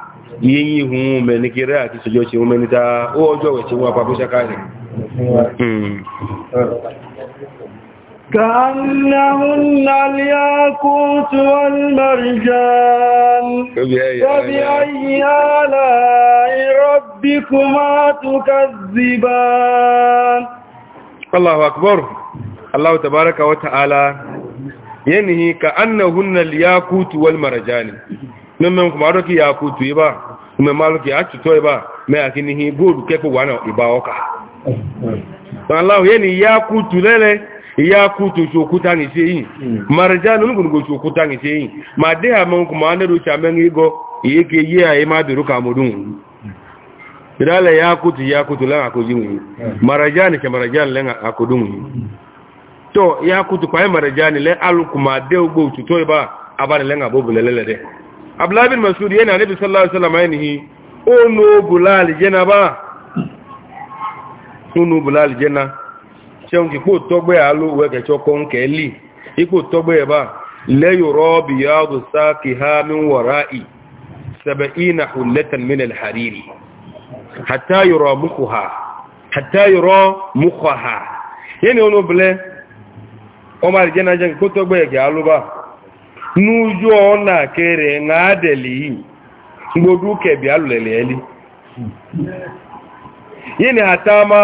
yíyí hun mẹ́ni kéré àti ṣojọ́ ṣe mẹ́ni ta ó ọjọ́ wẹ̀ tí wọ́n pàbó ṣaká rẹ̀. كأنهن الياقوت والمرجان فبأي آلاء ربكما تكذبان الله أكبر الله تبارك وتعالى ينهي كأنهن الياقوت والمرجان نمم كما ركي ياقوت يبا ume maluki achuto iba me akini hi gold kepo wana iba oka Allah ni ya kutulele ya kutu shokuta ni seyi marjanu ngun go shokuta ni seyi ma de ha mon kuma ne ru cha men igo yeke ye aye ma biru ka mudun dale ya kutu ya kutu la ko jimu marjani ke marjani lenga akudun to ya kutu kwa marjani le alukuma de ogbo chuto iba abare lenga bobu lelele de abdullahi masudi yana nabi sallallahu alaihi wasallam ainihi onu bulal jena ba onu bulal jena seun ki ko togbe alo we ke choko nke li iko togbe ba la yurabi yadu saqiha min wara'i 70 hullatan min al-harir hatta yura mukhaha hatta yura mukhaha yani onu bule o ma jena je ko togbe ke alo ba n'uju ọna kere ṅa deli mgbodu kebi alụlele eli yini hata ma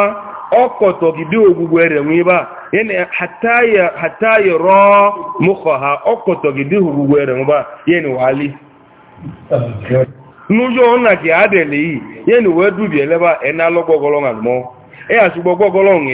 ọkọtọ gidi ogbugbo ere ba yini hata yi mụkọ ha ọkọtọ gidi ogbugbo ere nwe ba yini wali n'uju ọna na adeli yini wee dubi eleba gbọgọlọ na gbọgọlọ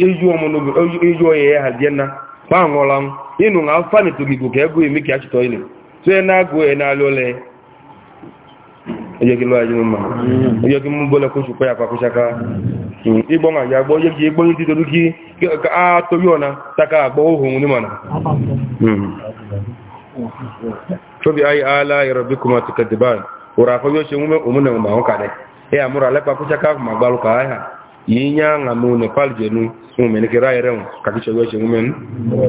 ejuo ya ha hazie na nwụla m ịnụ na afụfa na ka ego eme ka ya chịtọ ile tụnye na agụ ya n'alụ e e ole ejegị m bole kwụchikwa ya akwakwụchaka hmm, ịgbọ nwa ya gbọ e jeji egbonye ndị dodo gị ka a toghị ọna taka agbọ ohu nwere mana tobi hmm. ayi ala yarobi kuma tukadiban wura afọ yóò ṣe mú mẹ́ òmùnà ma yinya nga mu ne jenu mu men ki ray rew chewe chemu men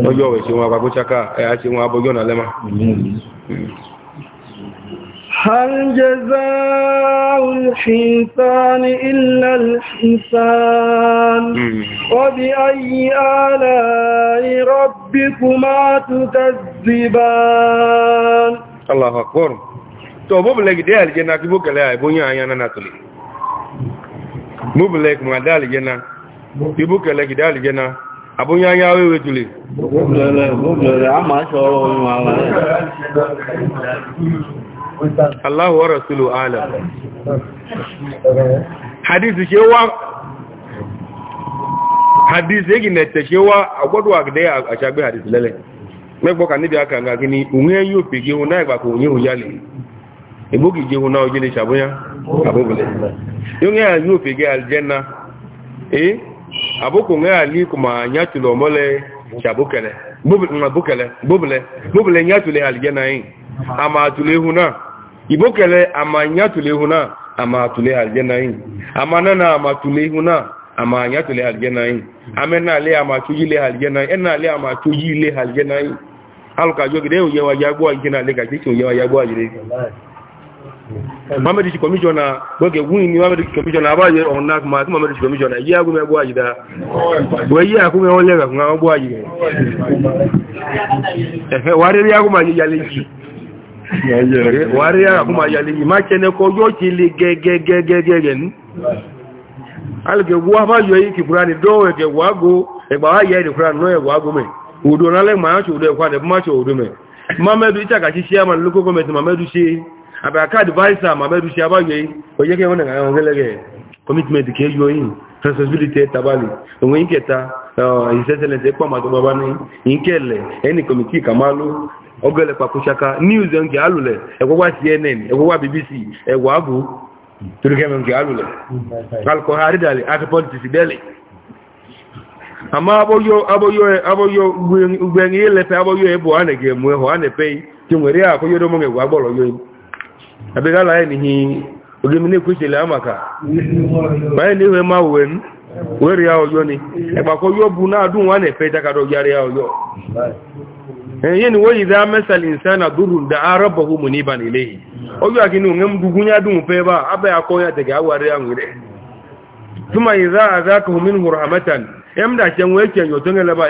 o yo we chemu abago chaka e a chemu abogo na lema هل جزاء الحيطان إلا الحيطان وبأي آلاء ربكما تكذبان الله أكبر تو بوب لك دي الجنة بوك لا يبوني آيانا ناتلي mubilek mu adali jena ibu kelek idali jena abunya ya wewe tuli mubilek mubilek ama shoro wala Allah wa rasulu alam hadisi cewa hadisi yake na cewa agwadu agde a shagbe hadisi lele megbo kan nibi aka nga kini unwe yo pege una igba ko unye uyale ibuki je una ojele shabunya abubule yonge ya yu fege aljanna eh aboko nge ali kuma nyatulo mole chabukele bubule bubule bubule bubule nyatule aljanna yin ama tule huna ibokele ama nyatule huna ama tule aljanna yin ama nana ama tule huna ama nyatule yin le ama yin ena le ama yin jogide yewa na le ka yewa mamadi mm. ti komisiona, gbọ́gẹ̀ wúni ni mamadi ti commissioner abáyẹ ọ̀nà kuma tí mamadi ti commissioner yí agúnmẹ́ bó àyídá wọ́n yí agúnmẹ́ wọ́n lẹ́gbẹ̀ fún àwọn bó àyí ẹ̀fẹ́ wà rí agúnmà yí yalé yìí wà rí agúnmà yalé yìí má kẹ́nẹ́kọ́ yóò ti lè gẹ́gẹ́gẹ́gẹ́gẹ́ ní alùgẹ̀ wọ́n afáyọ yìí kìkúrá ni dọ́wọ́ ẹ̀kẹ́ wàágó ẹgbà wáyẹ ìdìkúrá náà ẹ̀wà agúnmẹ́ òdò nálẹ́ màá ṣòdò ẹ̀kwà nẹ̀ fún má ṣòdò mẹ́ mamadu ìtàkàṣí sí àmà lókókó mẹ́tì mamadu ṣe àbẹ̀ àkáàdì vaisa màbẹ́dù ṣe abáyọ̀ yìí òye kẹ́ wọ́n àwọn gẹ́lẹ́gẹ́ commitment kì í yọ yìí responsibility tabali òun yìí kẹta ìṣẹ́sẹ̀lẹ̀ tẹ́ pọ̀ màtó bàbá ní yìí kẹ́lẹ̀ ẹni kọ̀mìtì kàmálú ọgọ́lẹ̀ pàkóṣaka news ẹ̀ ń kẹ́ àlùlẹ̀ ẹ̀kọ́ wá cnn ẹ̀kọ́ bbc turkey ẹ̀bọ̀ ànẹ̀gẹ̀ mú ẹ̀họ́ tí wọ́n rí àkóyọ́dọ́mọ́ ẹ̀wọ̀ yìí ga la ni oge mine kwe chele amaka ma ni we ma we n were ya oyo ni egbako yo bu na adun ka na efe takado yare ya oyo e yin wo idha masal insana durun da arabahu muniban ilayhi oyo a ngem dugunya dun pe ba aba akoya tege aware ya ngire tuma idha azaka e rahmatan emda chenwe chenyo tongele ba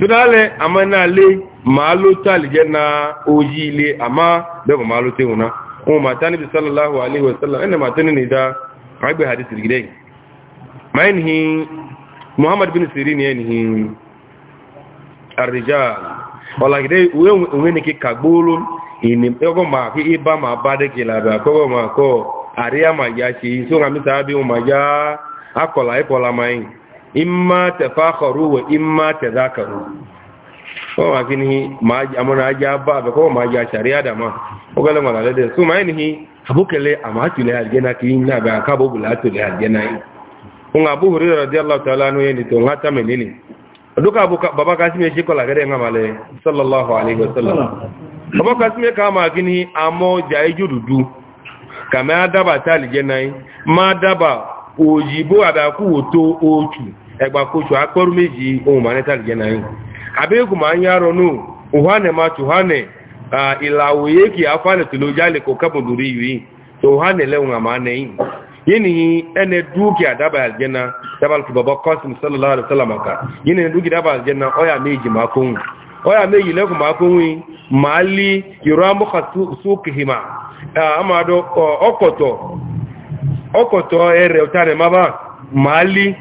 tunale ama na le maalo talije na oji ile ama bebo maalo te una o ma tani bi sallallahu alaihi wasallam ene ma tani ne da agbe hadith rigide main hi muhammad bin sirin yen hi arrijal wala gide we we ne ki kagbolo ini ego ma ki iba ma de ki la ba ko ma ko ariya ma ya chi so ngami sabi o ma ya akola ikola main imma tafakharu wa imma tadhakaru ko ma kini ma amuna aja ba be ko ma aja sharia da ma ko gele ma lade su ma ni abukele amatu le aljana ki inna ba ka bo bula to le aljana yi ko abu hurairah radiyallahu ta'ala no yeni to ngata menini duka abu baba kasime shi ko la gere ngamale sallallahu alaihi wasallam baba kasime ka ma kini amo jaiju e dudu kama adaba ta aljana yi ma daba ojibo abaku otu egba kocho akpọrọ meji ohun maneta gị na anyị abegwu ma anyị arọ nụ uhane ma tuhane a ilawo yeki afane tulojale ko kabun duri yi to uhane lewun amane yi yini ene duki adaba aljanna baba qasim sallallahu alaihi wasallam ka yini duki daba aljanna oya meji ma oya meji leku ma kun wi mali yuramu khasukihima amado okoto okoto ere utare mali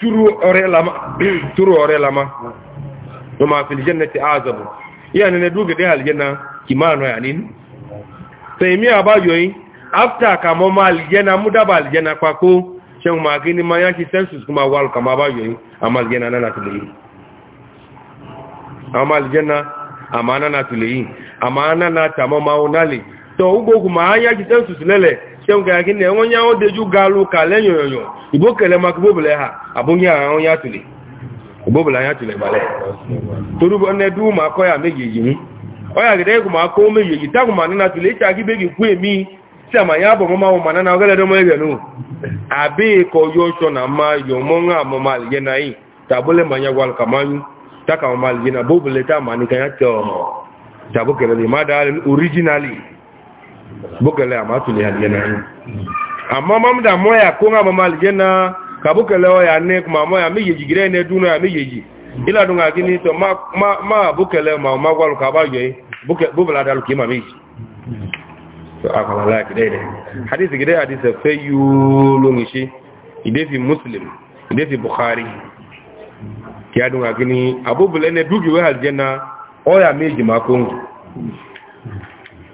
turu ore lama turu ore lama no ma fil jannati azabu yani ne duge de aljanna kimano ya nini sai mi abajo yi after kamo ma aljanna mudaba aljanna kwa ko shan ma gini ma yaki sensus kuma wal kama abajo yi amma aljanna nana tuli amma aljanna amana na tuli amana na tamama onale to ugo kuma yaki sensus lele chew ga gị na enwe onye ahụ deju galụ ka le nyonyonyo igbo kele maka gbobele ha abụghị aha onye atụli gbobele anya tụli gbale torubo nne du ma akọ ya meghị eji m ọya gide egwu ma akọ meghị eji tagwụ ma nana tụli ịcha gị be gị kwu emi ti ama ya bụ ọmụmanwụ ma nana ogele domo ege nu abịghị ka oyi ọchọ na mma yomọnwa amụmali ye na anyị tabole manya nya gwalụ ka manyu taka amụmali ye na bobele ta ma nika ya tọ tabokele ma daalị originali bukele ama tuli aljana amma mam da moya ko nga mama aljana ka bukele o ya ne kuma moya mi yeji gire ne dunu ya mi yeji ila dunga gini to ma ma ma bukele ma ma gwalu ka ba yoy buke bubla dal ki ma to akala la gide de hadisi gide hadisi fe yulu ide fi muslim ide fi bukhari ki adunga gini abu bulene dugi we aljana o ya meji ma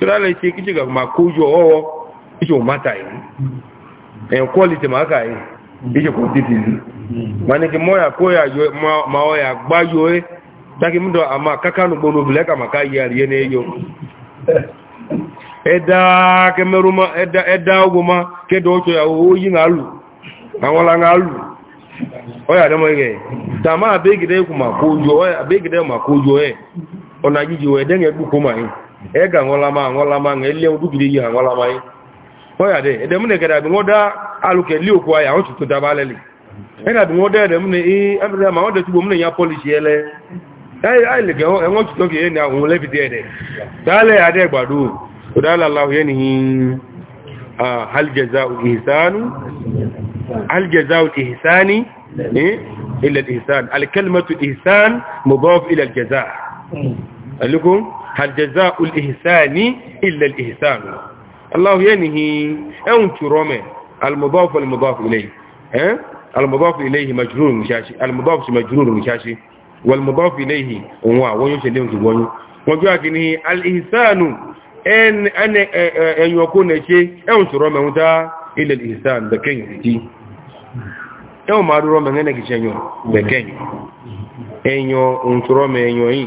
tọ́lá ṣe kí ṣègbà máa kójú ọwọ́ ìṣò mátà yìí ẹ̀yìn kọ́lìtì máa kà yìí ìṣò kò títì yìí ma ní kí mọ́yà kóyà ma ọ̀yà gbáyọ ẹ́ dákí mú àmà kákánù gbọ́nà obìnrin kàmà ká yẹ àríyẹ ní ẹyọ ẹ̀dá ogun ma kéde ọjọ́ ìyàwó yìí ń alù àwọn ọlá ń alù ọ̀yà ọ̀nà jíjì wọ̀ ẹ̀dẹ́gẹ̀ẹ́gbùkọ́ màá yìí ega nwolama anwolama nga elie odugiri yi anwolama yi oya de edem ne kada bi ngoda aluke li okwa ya otu tutabale li ega bi ngoda i ma tubo ya polish ele ai ai le go e won tuto ke ni awon le bidi ede dale ade gbadu allah yeni ah hal jazaa'u ihsanu hal jazaa'u ihsani hal jazaa'ul ihsani illa al ihsan Allah yanhi an turome al mudaf al mudaf ilayhi eh al mudaf ilayhi majrur mushashi al mudaf majrur mushashi wal mudaf ilayhi wa wonyo se leun wonyo wonjo akini al ihsanu en an en yoko ne se an turome unta illa al ihsan da ken ti e ma duro me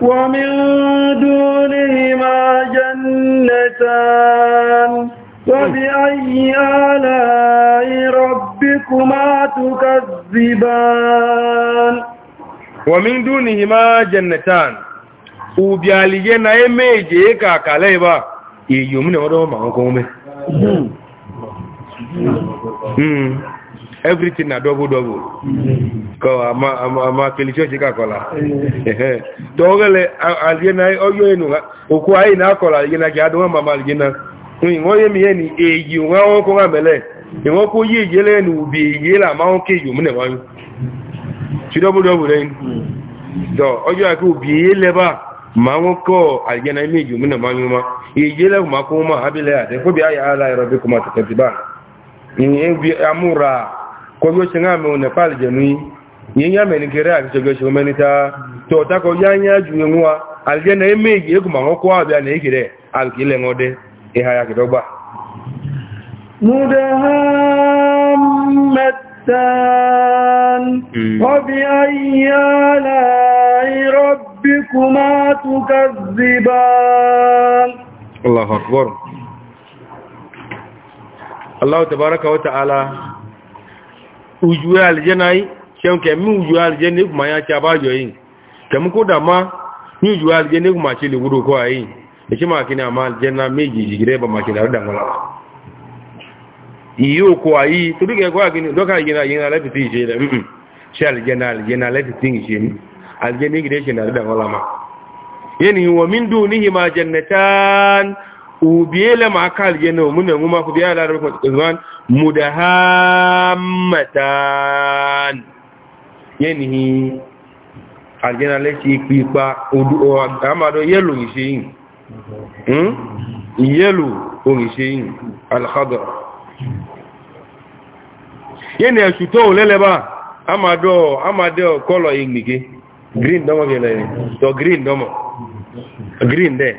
ومن دونهما جنتان وبأي آلاء ربكما تكذبان ومن دونهما جنتان وبياليه نايميجي كاكاليبا يومنا ودوما كومي everything na double double ko ama ama kola oyo enu oku na kola gina ki adu mama gina ni ngoye mi eni eyi wa o ko ngamele ni wo ye yele nu bi ye la ma yu mne wa ti double double rein do oyo aku bi ye ba ma mi yu mne ma yele ma ko bi ai ala rabbi kuma ni e bi amura kogo shi nga mewu nepal jenui yin tota ya meni kere a kisogo ta to ta ko ya nya ju nwa alje na emegi egu ma ngoko abia na ikire alkile ngode Allah tabaraka wa ta'ala ujue aljana yi shem ke mi ujue aljana kuma ya ci abajo yi kemi ko da ma ni ujue aljana kuma ko ayi da shi maki na meji jigire ba maki na iyo ko ayi to duke ko agini doka yina yina lafi ti je da mm shi aljana aljana ni aljana gire ma yani wa min dunihi ma jannatan ubiyele ma aka aljanna wa munan kuma ku biya da rabbul qur'an mudahammatan yenihi aljanna le ti pipa odu o amado yelo ise yin hm yelo o ise yin al khadra yeni asuto leleba amado amado color igbige green domo gele to green domo green there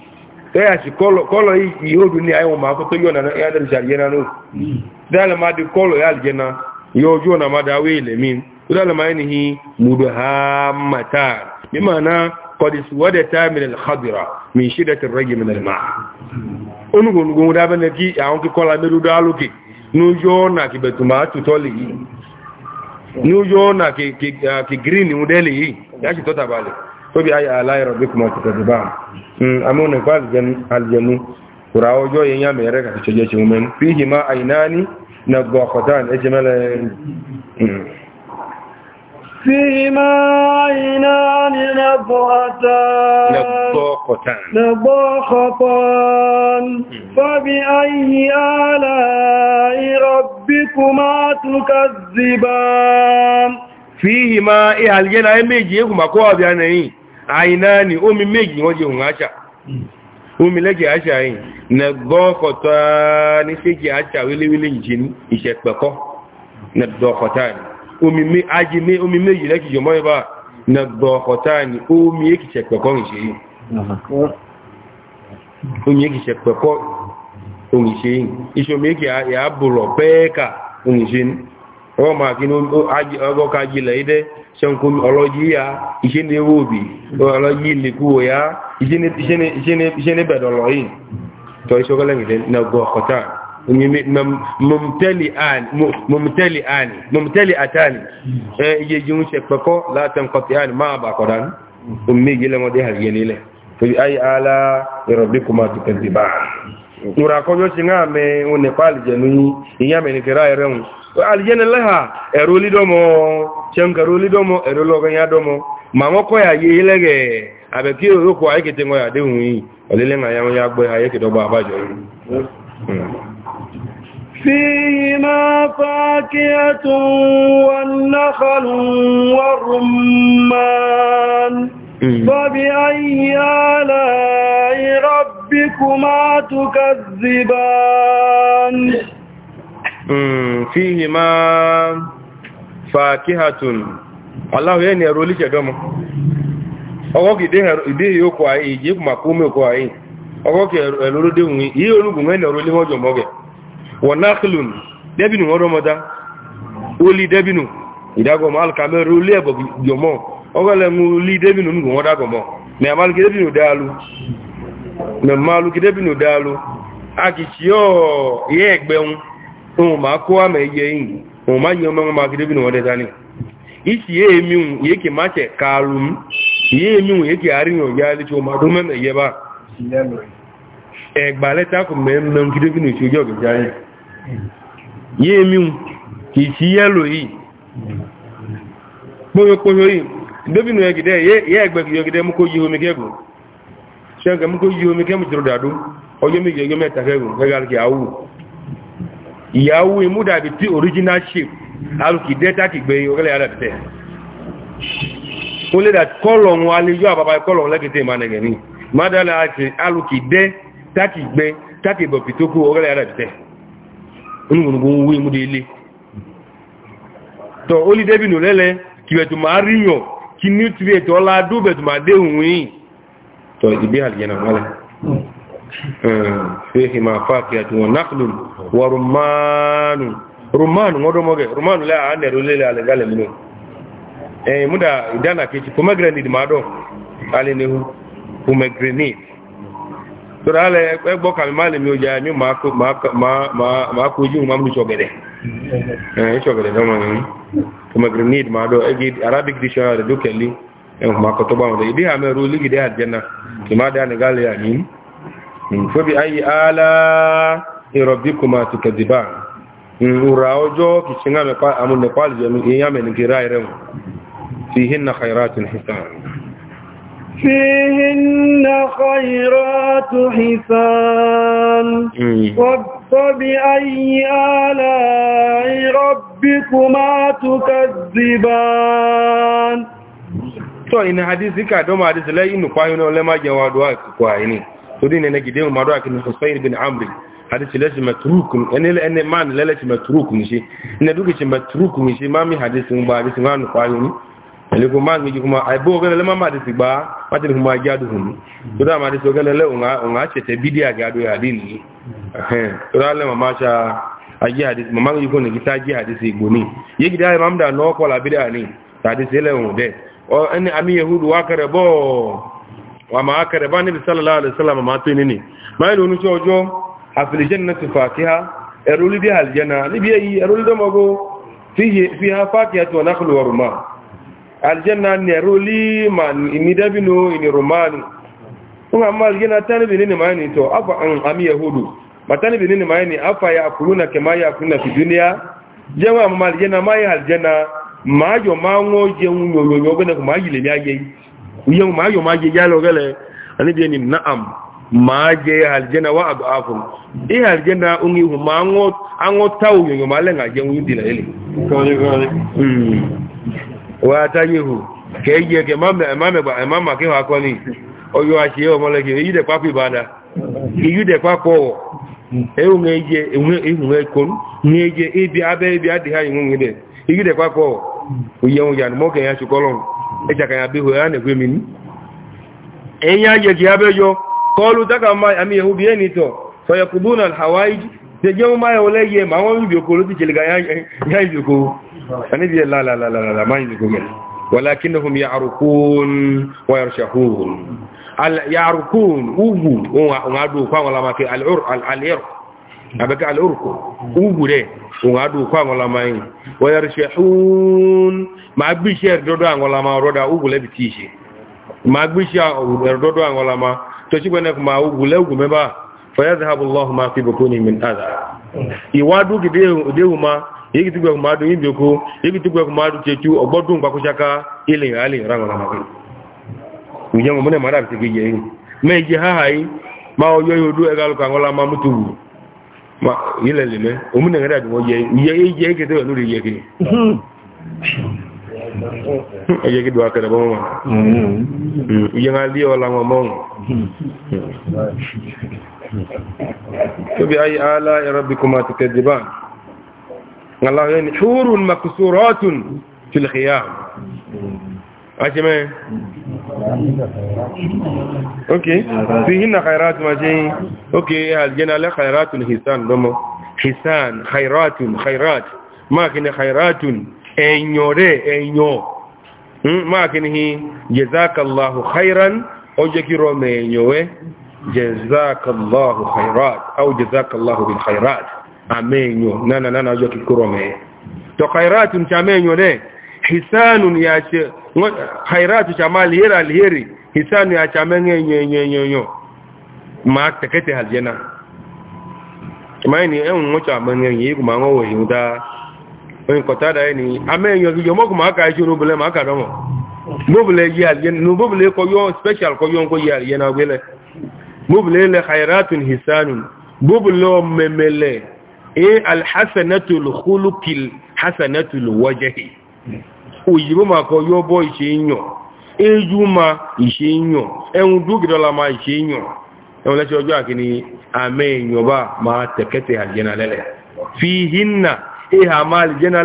eyachi kọlọ ihe oruni anyị ma akụkọ ihe na ya dịrịchara ihe na n'ofu dala mmadụ kọlọ ya alije na ọjọọ na mmadụ awa ilemi dala ma anyị mudu ha mata mima na kọdis wada ta min alhadira min shidati rage min alma onugo na na tobi ayi alayi rabi kuma ti tẹ̀sí bá àmì ònà ìfà aljẹnu kura ọjọ́ yẹn yàmì rẹ̀ kàfi ṣe jẹ́ ṣe mọ́mọ́ fi hì máa àyìnà ní na gbọ́kọ̀tà ẹjẹ́ mẹ́lẹ̀ فيهما عينان نضاختان فبأي آلاء ربكما تكذبان فيهما إيه الجنة méjì يكما كوا بيانين àìná ni omi méjì wọ́n jẹ òun àṣà hmm. omi lẹ́gẹ̀ àṣà yìí na gọ́ọ̀kọ̀tọ́ ní ṣéjì àṣà wíléwílé ìjì ní ìṣẹ̀pẹ̀kọ́ na dọ̀ọ̀kọ̀tá ni omi méjì lẹ́kì jọmọ́ ibá na dọ̀ọ̀kọ̀tá ni omi èkìṣẹ̀pẹ̀kọ́ ìṣe yìí omi èkìṣẹ̀pẹ̀kọ́ ìṣe yìí ìṣomi èkì àbùrọ̀ pẹ́ẹ́kà ìṣe ni ọwọ́ màá kí ní ọgọ́kájí lẹ́ ṣẹ́nkún ọlọ́yí ya iṣẹ́ ní ewó òbí ọlọ́yí lèkúwò ya iṣẹ́ ní bẹ̀dọ̀lọ́ yìí tọ́ iṣẹ́ ọgọ́lẹ́gbẹ̀dẹ̀ na ọgọ́ ọkọ̀ta mọ̀mtẹ́lì àtàní iye jíun ṣe pẹ̀kọ́ látẹ̀kọ̀tẹ̀ àní máa bà kọ̀dá omi gílẹ̀mọ́dé àríyẹnilẹ̀ torí ayé ala ìrọ̀bíkùnmá tó kẹ́ aljana laha eroli domo chankaroli domo erolo ganya domo mama ko ya ye lege abe ki ro ko ayike tengo ya de hun olele nga ya ya gbe ayike do ba abajo yi فيهما فاكهة والنخل والرمان فبأي آلاء ربكما تكذبان Hmm, fihi ma fakihatun aláwọ̀ yẹ́ ni ẹ̀rọ olíṣẹ̀dọ́mọ́ ọgọ́kì ìdé ìyókò ayé ìjẹ́kù màkó mẹ́kọ ayé ọgọ́kì ẹ̀rọ olódéhùn yìí olúgùn mẹ́ni ẹ̀rọ olíwọ́jọ̀ mọ́gẹ̀ wọ̀n náàkìlùn dẹ́bìnù ọdọ́mọdá olí dẹ́bìnù ìdágọ́mọ́ alkamẹ́rẹ́ olí ẹ̀bọ̀ jọmọ́ ọgọ́lẹ́mú olí dẹ́bìnù nùgùn wọ́n debinu mẹ́màlùkì dẹ́bìnù dáalu ohun ma kowa mai iya yin ohun ma yi ọmọ ma gidi binu wadda dani isi ya emi hun yake mace kalum ya emi hun yake harin yau ya lice ma don mẹ́mẹ́ yẹ ba ẹgbàlẹ́ takò mẹ́mẹ́ gidi binu ṣe yọ gẹ̀gẹ̀ ayé ya emi hun kì sí yẹ́lò yìí pọ́yọpọ́yọ yìí mú kó yí omi kẹ́gùn mú kó yí omi kẹ́mù ìyàwó imú dàbí tí original shape alùkì dẹ́ta kì gbé ọgẹ́lẹ̀ ara tẹ́ ó lè dà kọ́lọ̀ wọn alẹ́ yóò àbábá kọ́lọ̀ lẹ́gẹ̀dẹ́ ìmánẹ̀gẹ̀ ní mádàlá alùkì dẹ́ tákì gbé tákì bọ̀pì tó kú ọgẹ́lẹ̀ ara tẹ́ onígbòǹgbòǹ wú imú dé ilé tọ́ ó lè dẹ́bìnú lẹ́lẹ́ kì bẹ̀tù máa ríyàn kí ní tìbẹ̀tù ọlá dúbẹ̀tù máa dé òun yìí tọ́ ìdí فيهما فاكهة ونخل ورمان رمان ngodo moge ruman la ande rulele ale gale mino eh muda idana kichi pomegranate mado ale ne pomegranate to ale egbo eh, ka mi male mi oja mi ma ko ma ma ma ko ju ma mi chogede eh chogede no man pomegranate mado egi eh, arabic dictionary do kelli eh ma ko to ba mo de bi ha me ruligi de aljanna ki ma da ne gale ya ni fóbi ayé ààlá ìrọ̀bíkùnmá ti kẹ̀dìbà ìrùra ọjọ́ kìsìnàmẹ́pá àmúnẹ̀pá àlùjẹ̀mí ìyàmẹ̀nìkìrá ẹ̀rẹ̀wọ̀n فيهن خيرات حسان فيهن خيرات حسان فبأي آلاء ربكما تكذبان تو إن حديثك دوما حديث لا ينقى ينقى لما جوادوا كواهنين odin ne gide mu maro akin husayn bin amri hadi ci lati matrukun ene ene man lele ci matrukun shi ne duke ci matrukun shi mami hadisin ba hadisin anu kwayo ni ko man mi kuma ay bo gele mama hadisi ba pati kuma jadu hun to da ma hadisi o gele le unga unga ce te bidia gadu ya dini eh to da le mama cha aji hadisi mama yi ko ne gita ji hadisi goni ye gida imam da no ko la bidia ni hadisi le un o ene ami yahudu wa bo wa ma aka da bani sallallahu alaihi wasallam ma to ni ma ilu nu jojo afil jannati fatiha eruli bi al janna libi yi eruli do mago fihi fiha fakiyatu wa nakhlu wa rumman al janna ni eruli man ni dabino ni rumman kuma ma al janna tan bi ni ma ni to afa an am yahudu matani bi ni ma ni afa ya kuluna kama ya kuluna fi dunya jama ma al janna ma ya al janna ma jo ma ngo je un yo yo yo bene ko ma yile mi aye yau ma yau ma ya logale anibi ni na'am ma je aljanna wa adafun e aljanna ma ngo ango taw yo ma le nga je ele hmm. wa tayihu ke ye ke ma me ma ba ma ma ke wa ni a se o ke yi yi e un e je un e kon je e bi abe e bi adi ha yi de yi ya no ke ya su kolon ẹjàkàyà bí hùwẹ́ ánẹ̀gbé mi ní ẹ̀yìn ajẹ́kì abẹ́jọ kọlu taka àmì yahudi ẹni tọ̀ sọ̀yẹ̀kùbú na hawaii tẹ jẹ́ máa yọ lẹ́yẹ ma wọ́n ń bíòkó ló ti jẹ́ lẹ́gà yá ìbíòkó àníbi ẹ̀ lálàlàlà máa ìbíòkó mẹ́rin wàlákin hùm yàrùkún wàyàrùṣàhùn yàrùkún ugu ohun àdó fáwọn alamakẹ́ alẹ́rù abẹ́kẹ́ alẹ́rù ungadu kwa ngolamai wayarshihun magbishi erdodo angolama roda ugule bitishi magbishi erdodo angolama to chibene kuma ugule ugume ba fayadhhabu allah ma fi bukuni min adha iwadu gide deuma yigi tugwe kuma adu imbiku yigi tugwe kuma adu chechu ogbodun kwa kushaka ile ali rangolama ko ujengo mune mara bitigiye meji hahai ma oyo yodu egalu kangolama mutubu ma yílẹ̀ lè mẹ́ òmìnà rẹ̀ àjùmọ̀ yẹ yẹ yẹ kẹtẹ́ rẹ̀ lórí yẹ kẹ ẹyẹ kí dùn akẹrẹ bọ́mọ̀ yẹn a lé ọlá wọn mọ́rùn tóbi ayé alá ẹ̀rọ̀bìkùnmá ti kẹjìbá aláwẹ̀ ni ṣúrùn makusurọ́tún tilẹ̀kìyà أجمعين أوكي فيهن خيرات ماجين أوكي هالجنة خيرات حسان دمو حسان خيرات خيرات ما كن خيرات إنيوري إنيو ما كن هي جزاك الله خيرا أو جكرو مينيوه جزاك الله خيرات أو جزاك الله بالخيرات أمينيو نانا نانا جكرو مينيو تو خيرات تامينيو ده حسان يا شيخ khairatu chama alheri alheri hisanu ya chama nyenyenyenyo ma tekete aljana maini en ngocha manyenye yiku ma ngowo hinda en kotada e ni amenyo gijo moku ma ka juru bele ma ka domo bobule yi aljana no bobule ko yo special ko yo ko yi aljana bele bobule le khairatun hisanun bobule memele e alhasanatu alkhuluqil hasanatu alwajhi òyìnbó máa kọ yọ bọ́ ìṣe yàn eéjú máa ìṣe yàn ẹ̀hún dúkìdọ́là máa ìṣe yàn ẹ̀hún lẹ́sẹ̀ ọjọ́ àkíní àmẹ́ èèyàn bá tẹ̀kẹ́tẹ̀ àjẹ́nà fi hinna ìhà máa lè jẹ́nà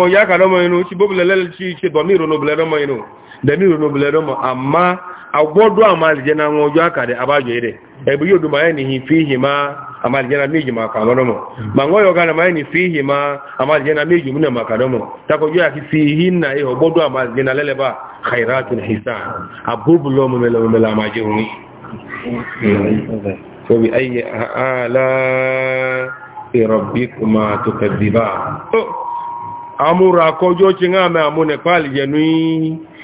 mọ̀ yákàdọ́mọ inú ṣe bóbulẹ̀ agbodo amalijana ngojo akade abajo ire ebiyo duma yani hi fihi ma amalijana miji makadomo mangoyo gana mayani fihi ma amalijana miji muna makadomo tako jo yaki fihi na e obodo amalijana lele ba khairatun hisan abubulo mumela mumela majuni so bi ayi ala rabbikuma tukadiba oh, amura kojo chinga me amune kwali jenui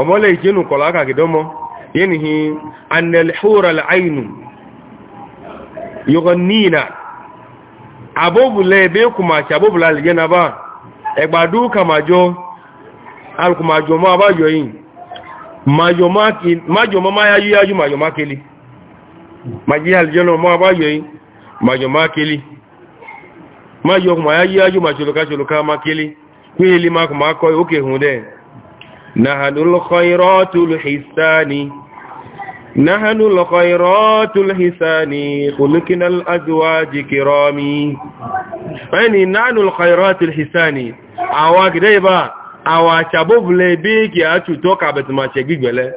ọmọlẹ̀ ìjínú kọ̀lá kàkìdọ́mọ́ yẹnihi annalhúralẹ̀ ainu yọkọ̀ níìnà abóbulẹ̀ ebe kùmàṣì abóbulẹ̀ alìjẹ́na bá ẹgbàdú kàmàjọ alùkùmàjọmọ́ abájọ yìí májọmọ́ máa yáyú májọmá keli májí alìjẹ́na mọ́ abájọ yìí májọmá keli májọmọ́ yáyú májọlùkájọlùká má keli kú ilé má kùmà kọ́ òkè hùn dẹ́ẹ̀ نحن الخيرات الحسان نحن الخيرات الحسان خلقنا الأزواج كرامي يعني نحن الخيرات الحسان أواك ديبا أوا شباب لبيك يا توكا بتماشي جيجبل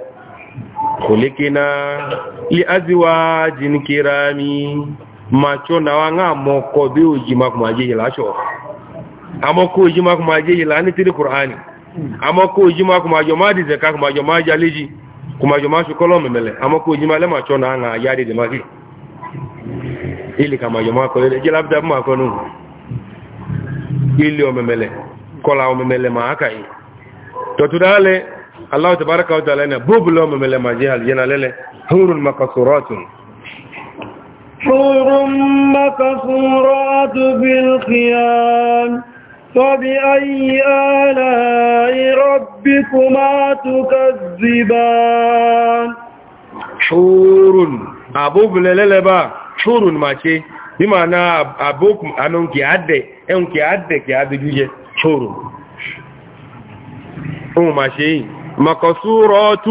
خلقنا لأزواج كرامي ما na wa nga moko bi uji makumaji ila cho amoko uji makumaji ila àmọ́ kó ìjímọ́ akùnmájọ máa dìzẹ̀ ká akùnmájọ máa já léjì kùnmájọ máa ṣùkọ́lọ̀ mẹ̀mẹ̀lẹ̀ àmọ́ kó ìjímọ́ alẹ́ màá náà àrùn àyá dìde máa kí ilẹ̀ kàmájọ máa kọ́ ilẹ̀ jẹ́lá bídá máa kọ́ nù ilẹ̀ ọmẹ̀mẹ̀lẹ̀ kọ́lá ọmẹ̀mẹ̀lẹ̀ máa kà yìí tọ́tù dáálẹ̀ aláwọ̀ tẹ̀bárakà ọ̀tà jẹ́ àlìyẹ́nà حور مكسورات بالخيام فبأي آلاء ربكما تكذبان حور أبوك للبا حور ماشي بمعنى أبوك أنك عدى أنك عدى كعدى جوجة حور أو ماشي مقصورات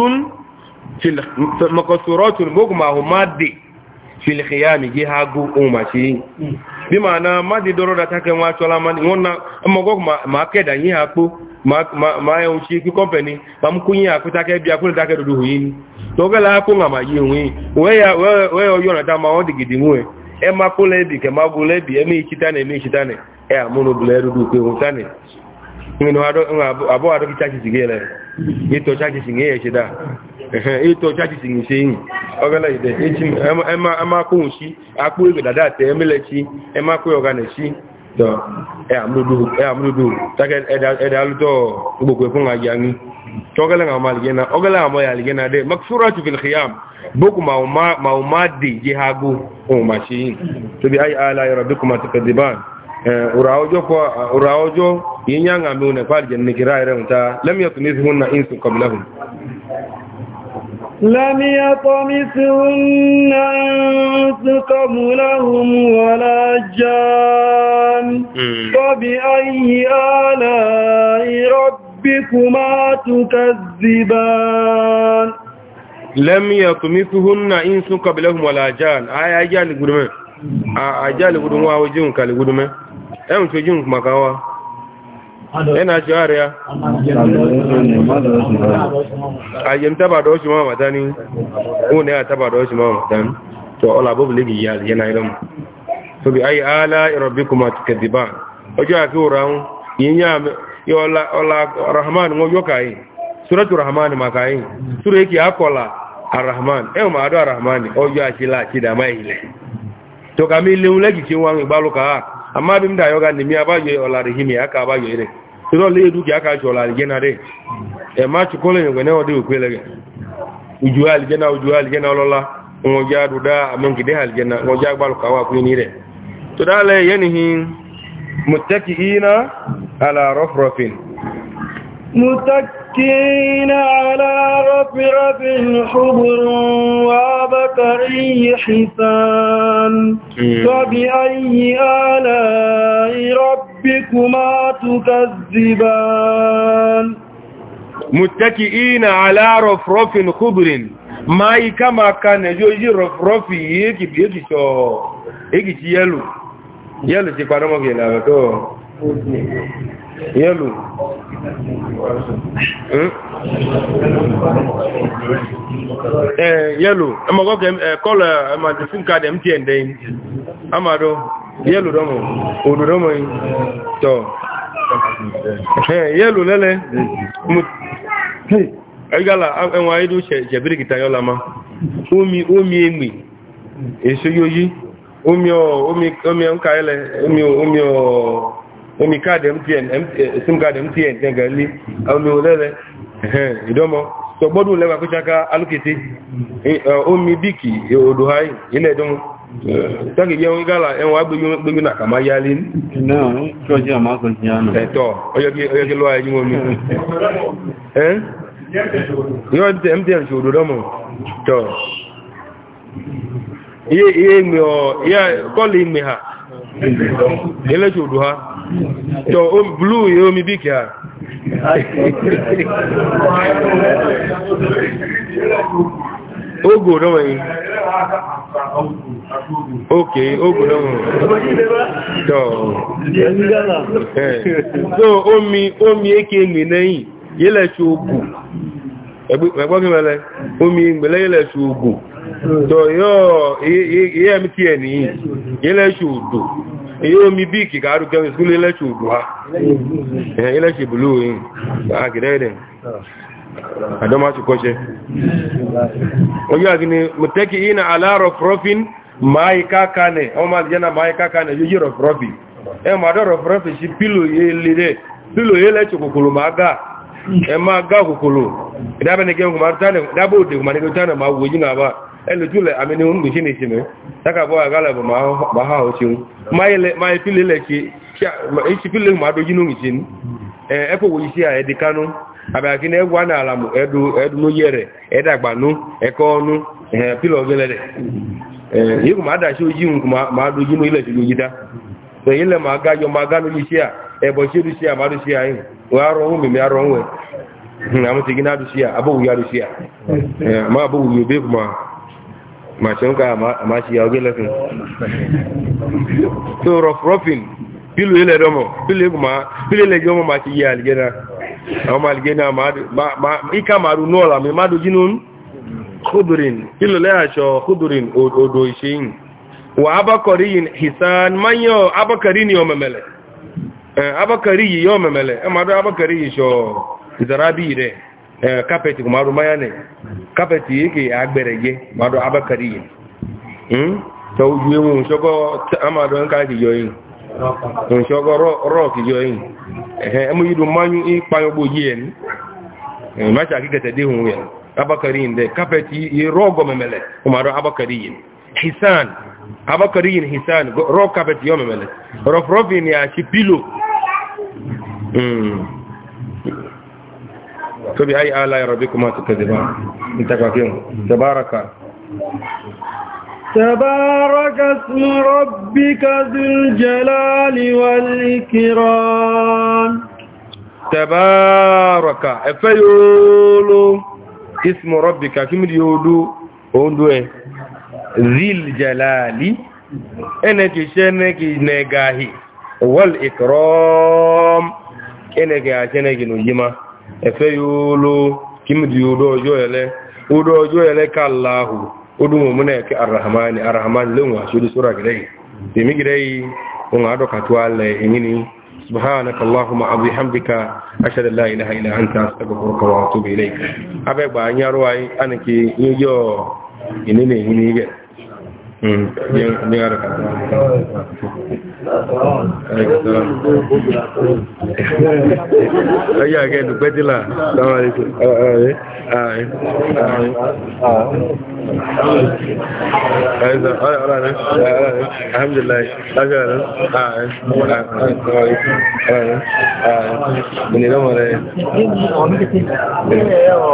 في مقصورات بوك ما هو مادي في الخيام جهاجو أو ماشي bí ma na mmadụ dọrọ data ka nwa ọmọ ọmọgwọ ma akeda ihe akpụ ma ya nwuchi ikwu kọmpani ma m kwụnye ya akụta ka bịa kwụrụ taka ruru unyi na ogela akpụ na ma yi onwe wee ya oyọnata ma ọ dịgidi nwe emakpụla ebi ka ebi eme ichitana eme ichitana ya mụrụ bụla eruru ukwe nwụtani abụọ adọgịcha gị elere ito chaji singe ya shida ito chaji singe seyin ogala ide echi ema ema ko nshi apo ego dada te emelechi ema ko yoga na shi to e amrudu e amrudu take eda eda luto gbogbo fun aya ni ogala nga mal gena ogala mo ya ligena de maksuratu fil khiyam boku ma ma ma de jihagu o ma shi to bi ay ala rabbikuma tukadiban Eh, urawojo yin eh, ya ngami wune kwa aljanni kira ire muta lam yatmithunna insun qablahum lam yatmithunna insun qablahum wala jan hmm. fabi ayyi ala rabbikuma tukazziban lam yatmithunna insun qablahum wala jan aya ajali gudume ajali gudume wa wajin kal ẹ̀hùn tó jíun kùmàkà wa ẹ̀nà jọ ààrẹ ya àyẹ̀m tábàdọ̀ ọ̀ṣù máa màtá ní òun náà tábàdọ̀ ọ̀ṣù máa màtá ní tó ọlá bóbulé yìí yà yẹn náà ìrọ̀mù tóbi ayé ààlá ìrọ̀bí kùmà kẹ̀dìbà ọjọ́ àfi òra ń yìí yà ọlá rahman wọn yọ kàáyé rahman mà kàáyé súrẹ́ kì á kọ̀lá arahman ẹ̀hùn màá dọ̀ arahman ọjọ́ àti láti dàmá ìlẹ̀ tọkàmí léwu lẹ́gìtì wọn ìgbálùkà amma abin da yoga nimi aba yoyi olari himi aka aba yoyi re tiro le duki aka jo olari gena re e ma chu kole ngwe ne odi ukwele ge uju ali gena uju ali gena olola ngo ja duda amen gide hal gena ngo ja gbalu kawa ku ni re to dale yenihi muttaqiina ala rafrafin muttaqi متكئين على رفرف حبر وبكري حسان فبأي آلاء ربكما تكذبان متكئين على رفرف خضر ما كما كان يجي رفرف يكي بيكي شو يكي يلو يلو تي بارمو كي لا yellow hmm? eh, yellow ẹmọ̀gọ́ kẹ kọ́lọ̀ ẹmàdì fún kàdẹ̀ mtn dẹ́yìn amàdọ́ yellow dọ́mọ̀ òdò dọ́mọ̀ yellow lẹ́lẹ́ eh, o ẹwọ̀n ayédú ṣẹ̀bírìkìtà yọ́lá ma omi omi omi omi omi omi kaadị mtn eh, eh, sim káàdì mtn kẹgà lé omi olẹ́rẹ̀ ìdọ́mọ tó gbọ́dún lẹ́gbà kó omi bíkì odò haì ilẹ̀ ìdọ́mọ gala yẹun gálà ẹwọ́n agbégbégbé náà kàmá yá lé ní gị lụọ lọ́wọ́ ẹ̀yìn omi yọ́ mtn ṣe odò dọ́mọ tọ́ iye ìgbẹ̀ ya kọ́lù ìgbẹ̀ ha eléjì òdò ha tọ blú yẹ omi bí kìá ogo náà yìí ok ogo náà tọ so omi omi eke mi nẹ́yìn yẹ́lẹ̀ ṣe ogo ẹgbọ́gbẹ̀mẹ́lẹ́ omi ìgbẹ̀lẹ́ yẹ́lẹ̀ ṣe ogo ndo mm. yo iye mtn ile shudu iyo mi biki ka aruke mi skuli ile shudu ha eh, ile shi bulu ba kirede ado ma chukoche oyo agini muteki ina ala rofrofin mai kakane o ma jana mai kakane yo yiro profi e ma do rofrofi shi pilu ile de pilu ile chukukulu maga e ma ga kukulu dabe ne gengu martale dabo de ma ne gutana ma wujina ba e amini um, amene gushin ichi me taka bo agala bo ma ba ha o chi ma ile ma le ki ichi file ma do jinu eh, ichi isi a edi kanu abi akini egwa na ala mu edu edu no yere edagba nu eko onu eh, pilo gele de eh, ma da shi oji un ma ma do jinu ile ti ma ga yo ma ga no isi a ebo du si a ma du si a yin wa ro hu mi a hmm, a ya du màṣẹ́ǹkà àmáṣíyà ogé lẹ́fìn tó rọ̀frọ́fìn pílù ilẹ̀ dọ́mọ̀ pílù ilẹ̀ jọmọ ma ti yẹ àlìgẹ́nà àwọn àlìgẹ́nà ìkà màrún náà làmì mádù jínú kúdùrín pílù lẹ́àṣọ kúdùrín odò ìṣẹ́yìn wà abakari yìí hìsàn mayọ̀ abakọ̀rí ni ọmọmẹ̀lẹ̀ abakari yìí yọ kapeti kumadu mayane kapeti yake agberege madu abakari hmm to ujuwe mu shoko amado nka ki joyin to shoko ro ro ki joyin eh emu yidu manyu i payo boji en eh macha ki kete dehun ya, abakari inde kapeti i rogo memele kumadu abakari yin hisan abakari yin hisan ro kapeti yo memele rof rofin ya chipilo pilo. فبأي آلاء ربكما تكذبان انتقاكم تبارك تبارك اسم ربك ذي الجلال والإكرام تبارك افيولو اسم ربك كم يولو اوندو ذي الجلال انك شنك نغاهي والإكرام انك عشانك نجمه efe yolo kimdi yudo joyele udo joyele kallahu udumo mune ke arrahmani arrahmani le wa sudi sura gidei demi gidei on ado katwale enini سبحانك اللهم وبحمدك أشهد أن لا إله إلا أنت أستغفرك وأتوب إليك أبي بانيا رواي أنك يجو إنني إنيجي dengarkan. lah. Assalamualaikum. Alhamdulillah.